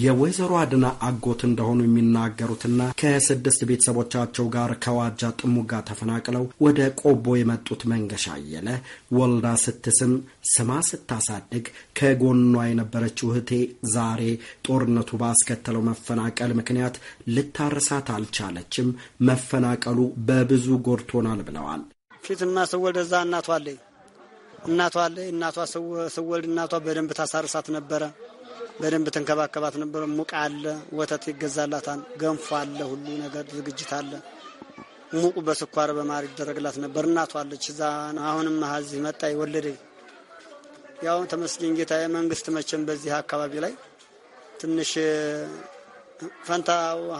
የወይዘሮ አድና አጎት እንደሆኑ የሚናገሩትና ከስድስት ቤተሰቦቻቸው ጋር ከዋጃ ጥሙጋ ተፈናቅለው ወደ ቆቦ የመጡት መንገሻ አየለ ወልዳ ስትስም ስማ ስታሳድግ ከጎኗ የነበረችው እህቴ ዛሬ ጦርነቱ ባስከተለው መፈናቀል ምክንያት ልታርሳት አልቻለችም። መፈናቀሉ በብዙ ጎድቶናል ብለዋል። ፊትማ ስወልድ እዛ እናቷ አለኝ እናቷ አለኝ እናቷ ስወልድ እናቷ በደንብ ታሳርሳት ነበረ። በደንብ ትንከባከባት ነበረ። ሙቅ አለ፣ ወተት ይገዛላታል፣ ገንፎ አለ፣ ሁሉ ነገር ዝግጅት አለ። ሙቁ በስኳር በማር ይደረግላት ነበር። እናቷ አለች እዛ። አሁንም እዚህ መጣ ወለደኝ። ያው ተመስገን ጌታ። የመንግስት መቼም በዚህ አካባቢ ላይ ትንሽ ፈንታ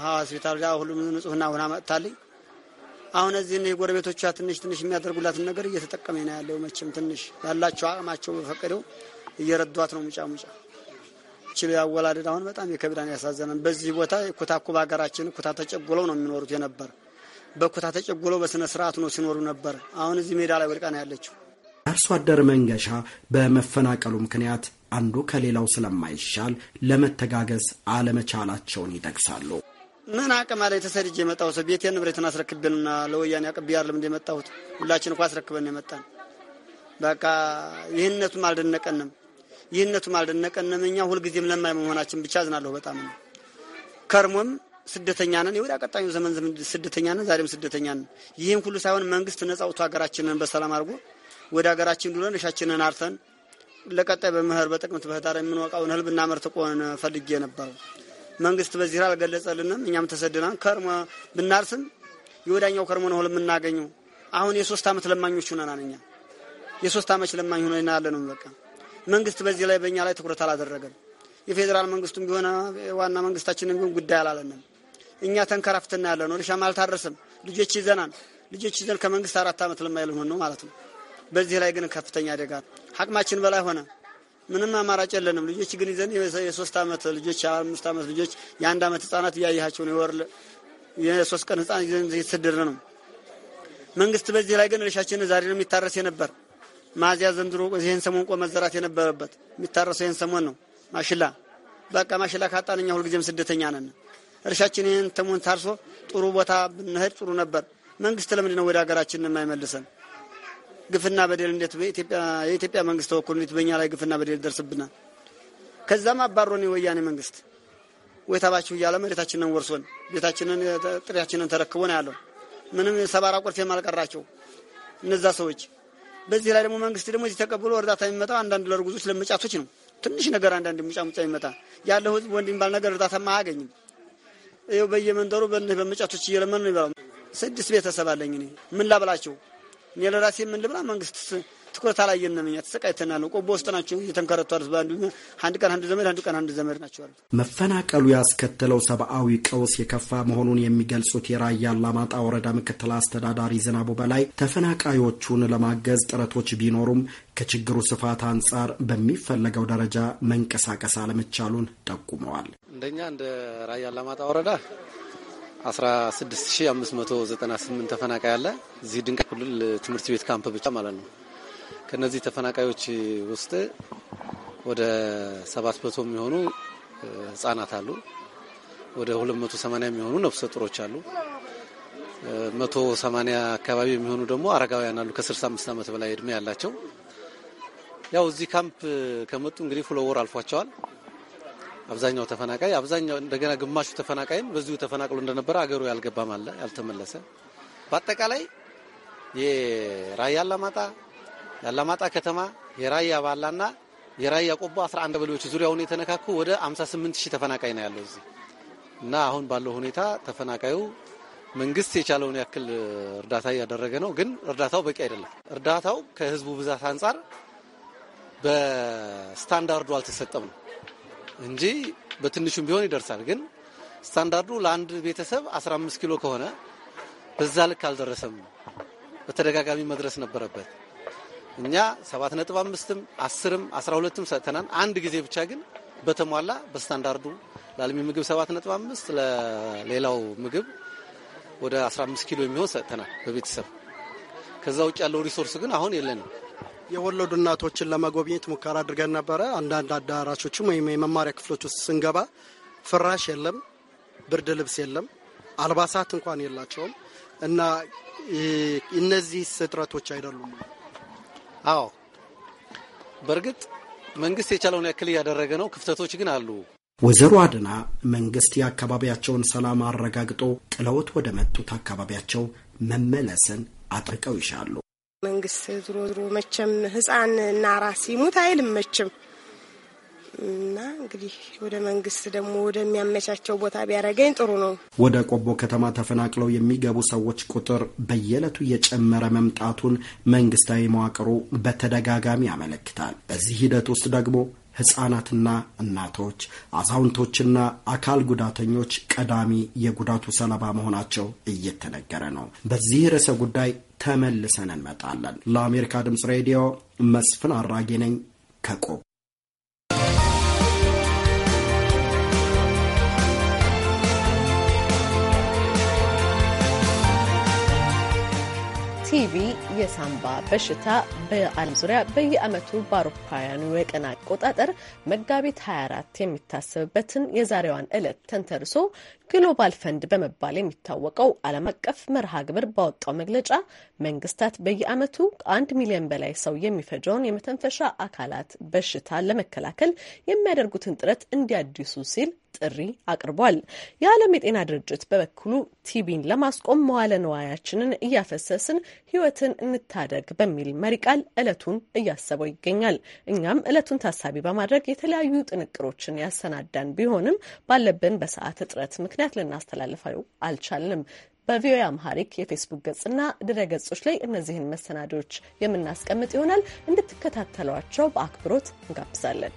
ሆስፒታል ሁሉም ንጹህና ሁና መጥታልኝ አሁን እዚህ ጎረቤቶቿ ትንሽ ትንሽ የሚያደርጉላትን ነገር እየተጠቀመ ነው ያለው። መቼም ትንሽ ያላቸው አቅማቸው በፈቀደው እየረዷት ነው። ሙጫ ሙጫ ችሎ ያወላደድ አሁን በጣም የከብዳን ያሳዘነን። በዚህ ቦታ ኩታኩ በሀገራችን ኩታ ተጨጉለው ነው የሚኖሩት የነበር በኩታ ተጨጉለው በስነ ስርዓቱ ነው ሲኖሩ ነበር። አሁን እዚህ ሜዳ ላይ ወድቃ ነው ያለችው። አርሶ አደር መንገሻ በመፈናቀሉ ምክንያት አንዱ ከሌላው ስለማይሻል ለመተጋገዝ አለመቻላቸውን ይጠቅሳሉ። ምን አቅም አለ የተሰድጅ የመጣው ሰው ቤቴን ንብረትን አስረክብንና ለወያኔ አቅብ ያለም እንደ መጣሁት ሁላችን እኳ አስረክበን የመጣን በቃ ይህነቱም አልደነቀንም። ይህነቱም አልደነቀንም። እኛ ሁልጊዜም ለማይ መሆናችን ብቻ አዝናለሁ በጣም ነው። ከርሞም ስደተኛ ነን፣ የወደ አቀጣኙ ዘመን ስደተኛ ነን፣ ዛሬም ስደተኛ ነን። ይህም ሁሉ ሳይሆን መንግስት ነጻ አውጥቶ ሀገራችንን በሰላም አድርጎ ወደ ሀገራችን ዱለን እሻችንን አርተን ለቀጣይ በምህር በጥቅምት በህዳር የምንወቃውን ህልብ ብናመርት ቆን ፈልጌ ነበረው። መንግስት በዚህ አልገለጸልንም። እኛም ተሰድናን ከርሞ ብናርስም የወዳኛው ከርሞ ነው የምናገኘው። አሁን የሶስት አመት ለማኞች ሆነናል። እኛ የሶስት አመት ለማኝ ሆነና ያለ ነው። በቃ መንግስት በዚህ ላይ በእኛ ላይ ትኩረት አላደረገም። የፌዴራል መንግስቱም ቢሆነ ዋና መንግስታችንም ቢሆን ጉዳይ አላለንም። እኛ ተንከራፍተና ያለ ነው። እርሻም አልታረሰም። ልጆች ይዘናል። ልጆች ይዘን ከመንግስት አራት ዓመት ለማይል ሆን ነው ማለት ነው። በዚህ ላይ ግን ከፍተኛ አደጋ አቅማችን በላይ ሆነ። ምንም አማራጭ የለንም። ልጆች ግን ይዘን የሶስት ዓመት ልጆች የአምስት ዓመት ልጆች የአንድ ዓመት ህጻናት እያያቸው ነው። የወር የሶስት ቀን ህጻን ይዘን የተሰደድን ነው። መንግስት በዚህ ላይ ግን እርሻችን ዛሬ ነው የሚታረስ የነበር ማዚያ ዘንድሮ ይህን ሰሞን ቆ መዘራት የነበረበት የሚታረሰው ይህን ሰሞን ነው። ማሽላ በቃ ማሽላ ካጣን እኛ ሁልጊዜም ስደተኛ ነን። እርሻችን ይህን ሰሞን ታርሶ ጥሩ ቦታ ብንሄድ ጥሩ ነበር። መንግስት ለምንድን ነው ወደ ሀገራችን የማይመልሰን? ግፍና በደል እንዴት የኢትዮጵያ መንግስት ተወኩል እንዴት በእኛ ላይ ግፍና በደል ይደርስብናል? ከዛም አባሮን የወያኔ መንግስት ወይታባችሁ እያለ መሬታችንን ወርሶን ቤታችንን ጥሪያችንን ተረክቦን ያለው ምንም ሰባራ ቁልፍ የማልቀራቸው እነዛ ሰዎች። በዚህ ላይ ደግሞ መንግስት ደግሞ እዚህ ተቀብሎ እርዳታ የሚመጣው አንዳንድ ለርጉዞች ለመጫቶች ነው። ትንሽ ነገር አንዳንድ ሙጫ ሙጫ የሚመጣ ያለው ህዝብ ወንድ የሚባል ነገር እርዳታማ አያገኝም። ይኸው በየመንደሩ በእንህ በመጫቶች እየለመን ነው ይበላል። ስድስት ቤተሰብ አለኝ እኔ ምን ላብላቸው? እኔ ለራሴ ምን ልብላ? መንግስት ትኩረት አላየንም። እኛ ተሰቃይተናል። ቆቦ ውስጥ ናቸው እየተንከረቱ አሉት። በአንዱ አንድ ቀን አንድ ዘመድ አንዱ ቀን አንድ ዘመድ ናቸው አሉት። መፈናቀሉ ያስከተለው ሰብአዊ ቀውስ የከፋ መሆኑን የሚገልጹት የራያ አላማጣ ወረዳ ምክትል አስተዳዳሪ ዝናቡ በላይ ተፈናቃዮቹን ለማገዝ ጥረቶች ቢኖሩም ከችግሩ ስፋት አንጻር በሚፈለገው ደረጃ መንቀሳቀስ አለመቻሉን ጠቁመዋል። እንደኛ እንደ ራያ አላማጣ ወረዳ 16598 ተፈናቃይ አለ። እዚህ ድንቃ ክልል ትምህርት ቤት ካምፕ ብቻ ማለት ነው። ከነዚህ ተፈናቃዮች ውስጥ ወደ 700 የሚሆኑ ህጻናት አሉ። ወደ 280 የሚሆኑ ነፍሰ ጡሮች አሉ። 180 አካባቢ የሚሆኑ ደግሞ አረጋውያን አሉ፣ ከ65 ዓመት በላይ እድሜ ያላቸው። ያው እዚህ ካምፕ ከመጡ እንግዲህ ሁለት ወር አልፏቸዋል። አብዛኛው ተፈናቃይ አብዛኛው እንደገና ግማሹ ተፈናቃይም በዚሁ ተፈናቅሎ እንደነበረ አገሩ ያልገባም አለ ያልተመለሰ። በአጠቃላይ የራያ አላማጣ የአላማጣ ከተማ የራያ ባላና የራያ ቆቦ 11 ቀበሌዎች ዙሪያውን የተነካኩ ወደ 58 ሺህ ተፈናቃይ ነው ያለው እዚህ እና አሁን ባለው ሁኔታ ተፈናቃዩ መንግስት የቻለውን ያክል እርዳታ እያደረገ ነው። ግን እርዳታው በቂ አይደለም። እርዳታው ከህዝቡ ብዛት አንጻር በስታንዳርዱ አልተሰጠም ነው እንጂ በትንሹም ቢሆን ይደርሳል። ግን ስታንዳርዱ ለአንድ ቤተሰብ 15 ኪሎ ከሆነ በዛ ልክ አልደረሰም። በተደጋጋሚ መድረስ ነበረበት። እኛ 7.5ም 10ም 12ም ሰጥተናል። አንድ ጊዜ ብቻ ግን በተሟላ በስታንዳርዱ ለአልሚ ምግብ 7.5 ለሌላው ምግብ ወደ 15 ኪሎ የሚሆን ሰጥተናል በቤተሰብ። ከዛ ውጭ ያለው ሪሶርስ ግን አሁን የለንም። የወለዱ እናቶችን ለመጎብኘት ሙከራ አድርገን ነበረ። አንዳንድ አዳራሾችም ወይም የመማሪያ ክፍሎች ውስጥ ስንገባ ፍራሽ የለም፣ ብርድ ልብስ የለም፣ አልባሳት እንኳን የላቸውም እና እነዚህ ስጥረቶች አይደሉም። አዎ በእርግጥ መንግስት የቻለውን ያክል እያደረገ ነው። ክፍተቶች ግን አሉ። ወይዘሮ አድና መንግስት የአካባቢያቸውን ሰላም አረጋግጦ ጥለውት ወደ መጡት አካባቢያቸው መመለስን አጥርቀው ይሻሉ። መንግስት ዝሮ ዝሮ መቼም ህፃን እና ራስ ይሙት አይልም መቼም እና እንግዲህ ወደ መንግስት ደግሞ ወደሚያመቻቸው ቦታ ቢያደርገኝ ጥሩ ነው። ወደ ቆቦ ከተማ ተፈናቅለው የሚገቡ ሰዎች ቁጥር በየዕለቱ እየጨመረ መምጣቱን መንግስታዊ መዋቅሩ በተደጋጋሚ ያመለክታል። በዚህ ሂደት ውስጥ ደግሞ ህጻናትና እናቶች፣ አዛውንቶችና አካል ጉዳተኞች ቀዳሚ የጉዳቱ ሰለባ መሆናቸው እየተነገረ ነው። በዚህ ርዕሰ ጉዳይ ተመልሰን እንመጣለን። ለአሜሪካ ድምፅ ሬዲዮ መስፍን አራጌ ነኝ ከቆብ። ቲቪ የሳምባ በሽታ በዓለም ዙሪያ በየዓመቱ በአውሮፓውያኑ የቀን አቆጣጠር መጋቢት 24 የሚታሰብበትን የዛሬዋን ዕለት ተንተርሶ ግሎባል ፈንድ በመባል የሚታወቀው ዓለም አቀፍ መርሃ ግብር ባወጣው መግለጫ መንግስታት በየዓመቱ ከአንድ ሚሊዮን በላይ ሰው የሚፈጀውን የመተንፈሻ አካላት በሽታ ለመከላከል የሚያደርጉትን ጥረት እንዲያድሱ ሲል ጥሪ አቅርቧል። የዓለም የጤና ድርጅት በበኩሉ ቲቢን ለማስቆም መዋለ ነዋያችንን እያፈሰስን ህይወትን እንታደግ በሚል መሪ ቃል እለቱን እያሰበው ይገኛል። እኛም እለቱን ታሳቢ በማድረግ የተለያዩ ጥንቅሮችን ያሰናዳን ቢሆንም ባለብን በሰዓት እጥረት ምክንያት ልናስተላልፈው አልቻልንም። በቪኦኤ አምሃሪክ የፌስቡክ ገጽና ድረ ገጾች ላይ እነዚህን መሰናዶች የምናስቀምጥ ይሆናል። እንድትከታተሏቸው በአክብሮት እንጋብዛለን።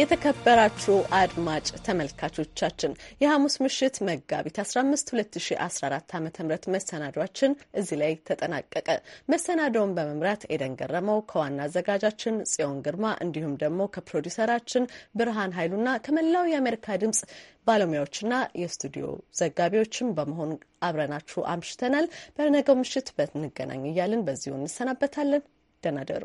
የተከበራችሁ አድማጭ ተመልካቾቻችን የሐሙስ ምሽት መጋቢት 15 2014 ዓ ም መሰናዷችን እዚህ ላይ ተጠናቀቀ። መሰናዶውን በመምራት ኤደን ገረመው ከዋና አዘጋጃችን ጽዮን ግርማ እንዲሁም ደግሞ ከፕሮዲሰራችን ብርሃን ኃይሉና ከመላው የአሜሪካ ድምጽ ባለሙያዎችና የስቱዲዮ ዘጋቢዎችም በመሆን አብረናችሁ አምሽተናል። በነገው ምሽት በንገናኝ እያልን በዚሁ እንሰናበታለን። ደህና ደሩ።